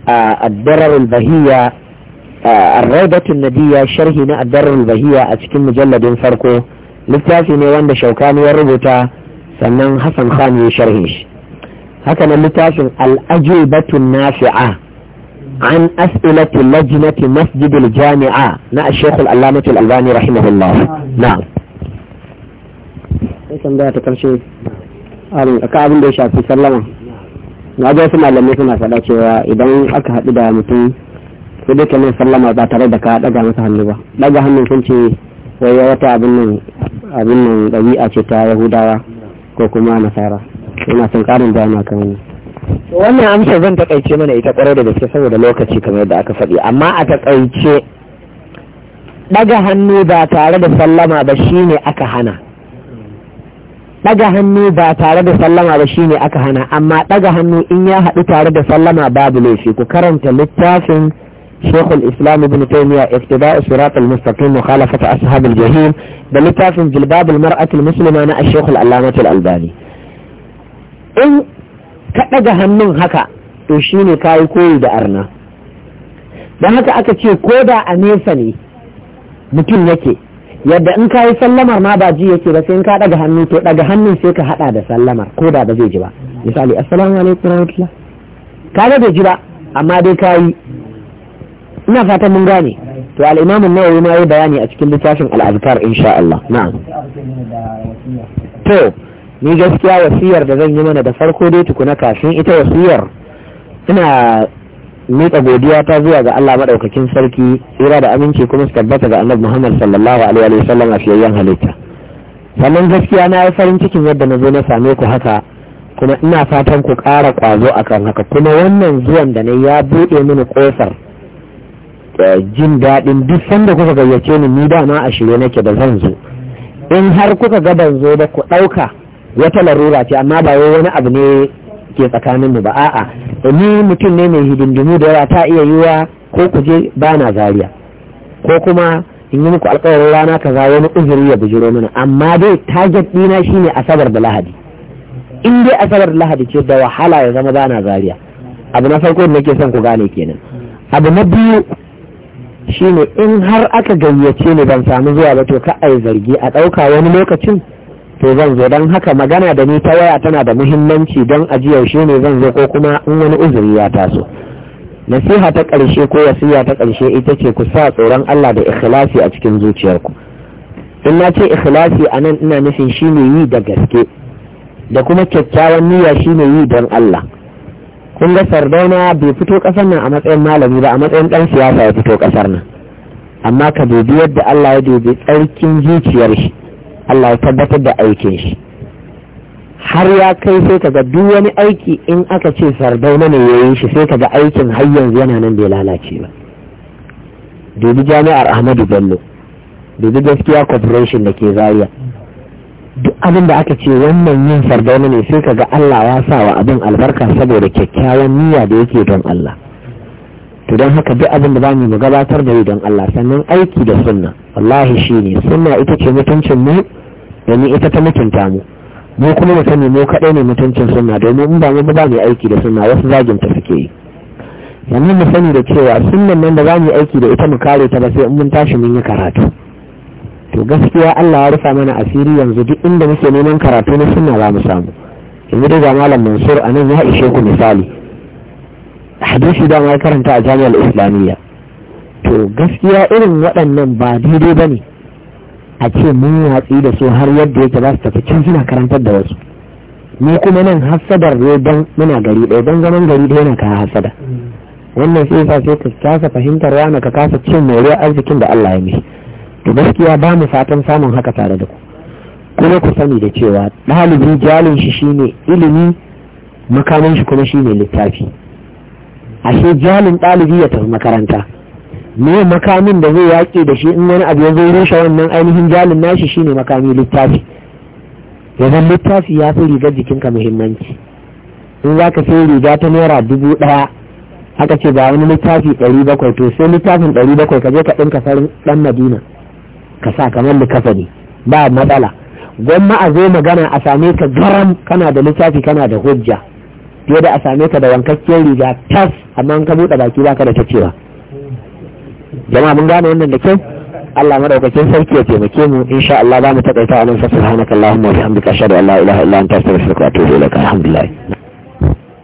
a addarar bahiyya arraibatun nadiya sharhi na addarar bahiya a cikin mujalladin farko littafi ne wanda shaukani ya rubuta sannan hassan khan ya sharhi shi haka nan littafin al'ajibatun nafi'a an as'ilatu lajnati masjidil jami'a na ashekul allamatul albani rahimahullah na sai tambaya ta karshe ka abin da ya shafi sallama na ga wasu malamai suna faɗa cewa idan aka haɗu da mutum sai dai kamar sallama ba tare da ka daga masa hannu ba daga hannun sun ce wai wata abin nan abin nan ɗabi'a ce ta yahudawa ko kuma nasara ina son ƙarin bayani kan wani wannan zan takaice mana ita kwarai da gaske saboda lokaci kamar da aka faɗi amma a takaice daga hannu ba tare da sallama ba shine aka hana ɗaga hannu ba tare da sallama ba shine aka hana amma ɗaga hannu in ya haɗu tare da sallama babu laifi ku karanta littafin شيخ الإسلام ابن تيمية اقتداء صراط المستقيم مخالفة أصحاب الجحيم بل في جلباب المرأة المسلمة أنا الشيخ العلامة الألباني إن كأجا هنن هكا كاي كوي دا da haka aka ce ko da a nesa ne mutum yake yadda in ka yi sallamar ma ba ji yake ba sai in ka daga hannu to daga hannun sai ka hada da sallamar ko da ba zai ji ba misali assalamu alaikum Ka ga bai ji ba amma dai ka yi ina fatan mun gane to al-imam an-nawawi ma yayi bayani a cikin littafin al-azkar insha Allah na'am to ni gaskiya wasiyar da zan yi mana da farko dai tukuna kafin ita wasiyar ina miƙa godiya ta zuwa ga Allah maɗaukakin sarki tsira da aminci kuma su tabbata ga annabi Muhammad sallallahu alaihi wa sallam a fiyayyen halitta sannan gaskiya na yi farin cikin yadda na zo na same ku haka kuma ina fatan ku ƙara ƙwazo akan haka kuma wannan zuwan da na ya buɗe mini ƙofar jin daɗin duk sanda kuka gayyace ni ni dama a shirye nake da zan zo in har kuka ga ban zo ba ku ɗauka wata larura ce amma ba wai wani abu ne ke tsakanin mu ba a'a ni mutum ne mai hidindimu da yawa ta iya yiwa ko ku je ba zariya ko kuma in yi muku alkawarin rana kaza wani uzuri ya bujiro mana amma dai target ɗina shine asabar da lahadi in dai asabar da lahadi ce da wahala ya zama bana na zariya abu na farko da nake son ku gane kenan abu na biyu shine in har aka gayyace ni ban samu zuwa ba to ka ai zargi a ɗauka wani lokacin to zan zo don haka magana da ni ta waya tana da muhimmanci don ajiyar shi ne zan zo ko kuma in wani uzuri ya taso nasiha ta ƙarshe ko wasiya ta ƙarshe ita ce ku sa tsoron Allah da ikhlasi a cikin zuciyarku in na ce ikhlasi a nan ina nufin shi ne yi da gaske da kuma kyakkyawan niyya shi ne yi don Allah kun ga sardauna bai fito kasar nan a matsayin malami ba a matsayin dan siyasa ya fito kasar nan amma ka dubi yadda Allah ya dubi tsarkin zuciyar shi Allah ya tabbatar da aikin shi har ya kai sai ka ga duk wani aiki in aka ce sardauna ne yi shi sai ka ga aikin har yanzu yana nan bai lalace ba dubi jami'ar Ahmadu Bello dubi gaskiya corporation da ke zariya duk abin da aka ce wannan yin sardauna ne sai ka ga Allah ya sa wa abin albarka saboda kyakkyawan niyya da yake don Allah to don haka duk abin da mu gabatar da yi don Allah sannan aiki da sunna wallahi shine sunna ita ce mutuncin mu domin ita ta mutunta mu mu kuma mu sani mu kaɗai ne mutuncin sunna domin in ba mu ba mu aiki da sunna wasu zaginta suke yi yanzu mu sani da cewa sunnan nan da za yi aiki da ita mu kare ta ba sai in mun tashi mun yi karatu to gaskiya Allah ya rufa mana asiri yanzu duk inda muke neman karatu na sunna za mu samu yanzu dai ga malam Mansur nan ya ishe ku misali hadisi da ma karanta a jami'ar islamiyya to gaskiya irin waɗannan ba daidai bane a ce mun watsi da su har yadda yake za su tafi can suna karantar da wasu ni kuma nan hasadar ne don muna gari ɗaya don zaman gari ɗaya yana kawo hasada wannan sai sai ka kasa fahimtar rana ka kasa cin moriyar arzikin da Allah ya mishi to gaskiya ba mu fatan samun haka tare da ku kuma ku sani da cewa ɗalibin jalin shi shine ilimi makaman shi kuma shine littafi ashe jalin ɗalibi ya tafi makaranta me makamin da zai yaƙi da shi in wani abu ya zo rushe wannan ainihin jalin nashi shine makami littafi yanzu littafi ya fi rigar jikinka muhimmanci in za ka sai riga ta naira dubu ɗaya aka ce ba wani littafi ɗari bakwai to sai littafin ɗari bakwai ka je ka ɗinka farin ɗan madina ka sa kamar likafani ba matsala gwamma a zo magana a same ka garam kana da littafi kana da hujja fiye da a same ka da wankakken riga tas amma ka buɗe baki ka da ta cewa jama'a mun gane wannan da kyau Allah madaukakin sarki ya taimake mu insha Allah za mu taƙaita a nan subhanakallahumma wa bihamdika ashhadu an la ilaha illa anta astaghfiruka wa atubu alhamdulillah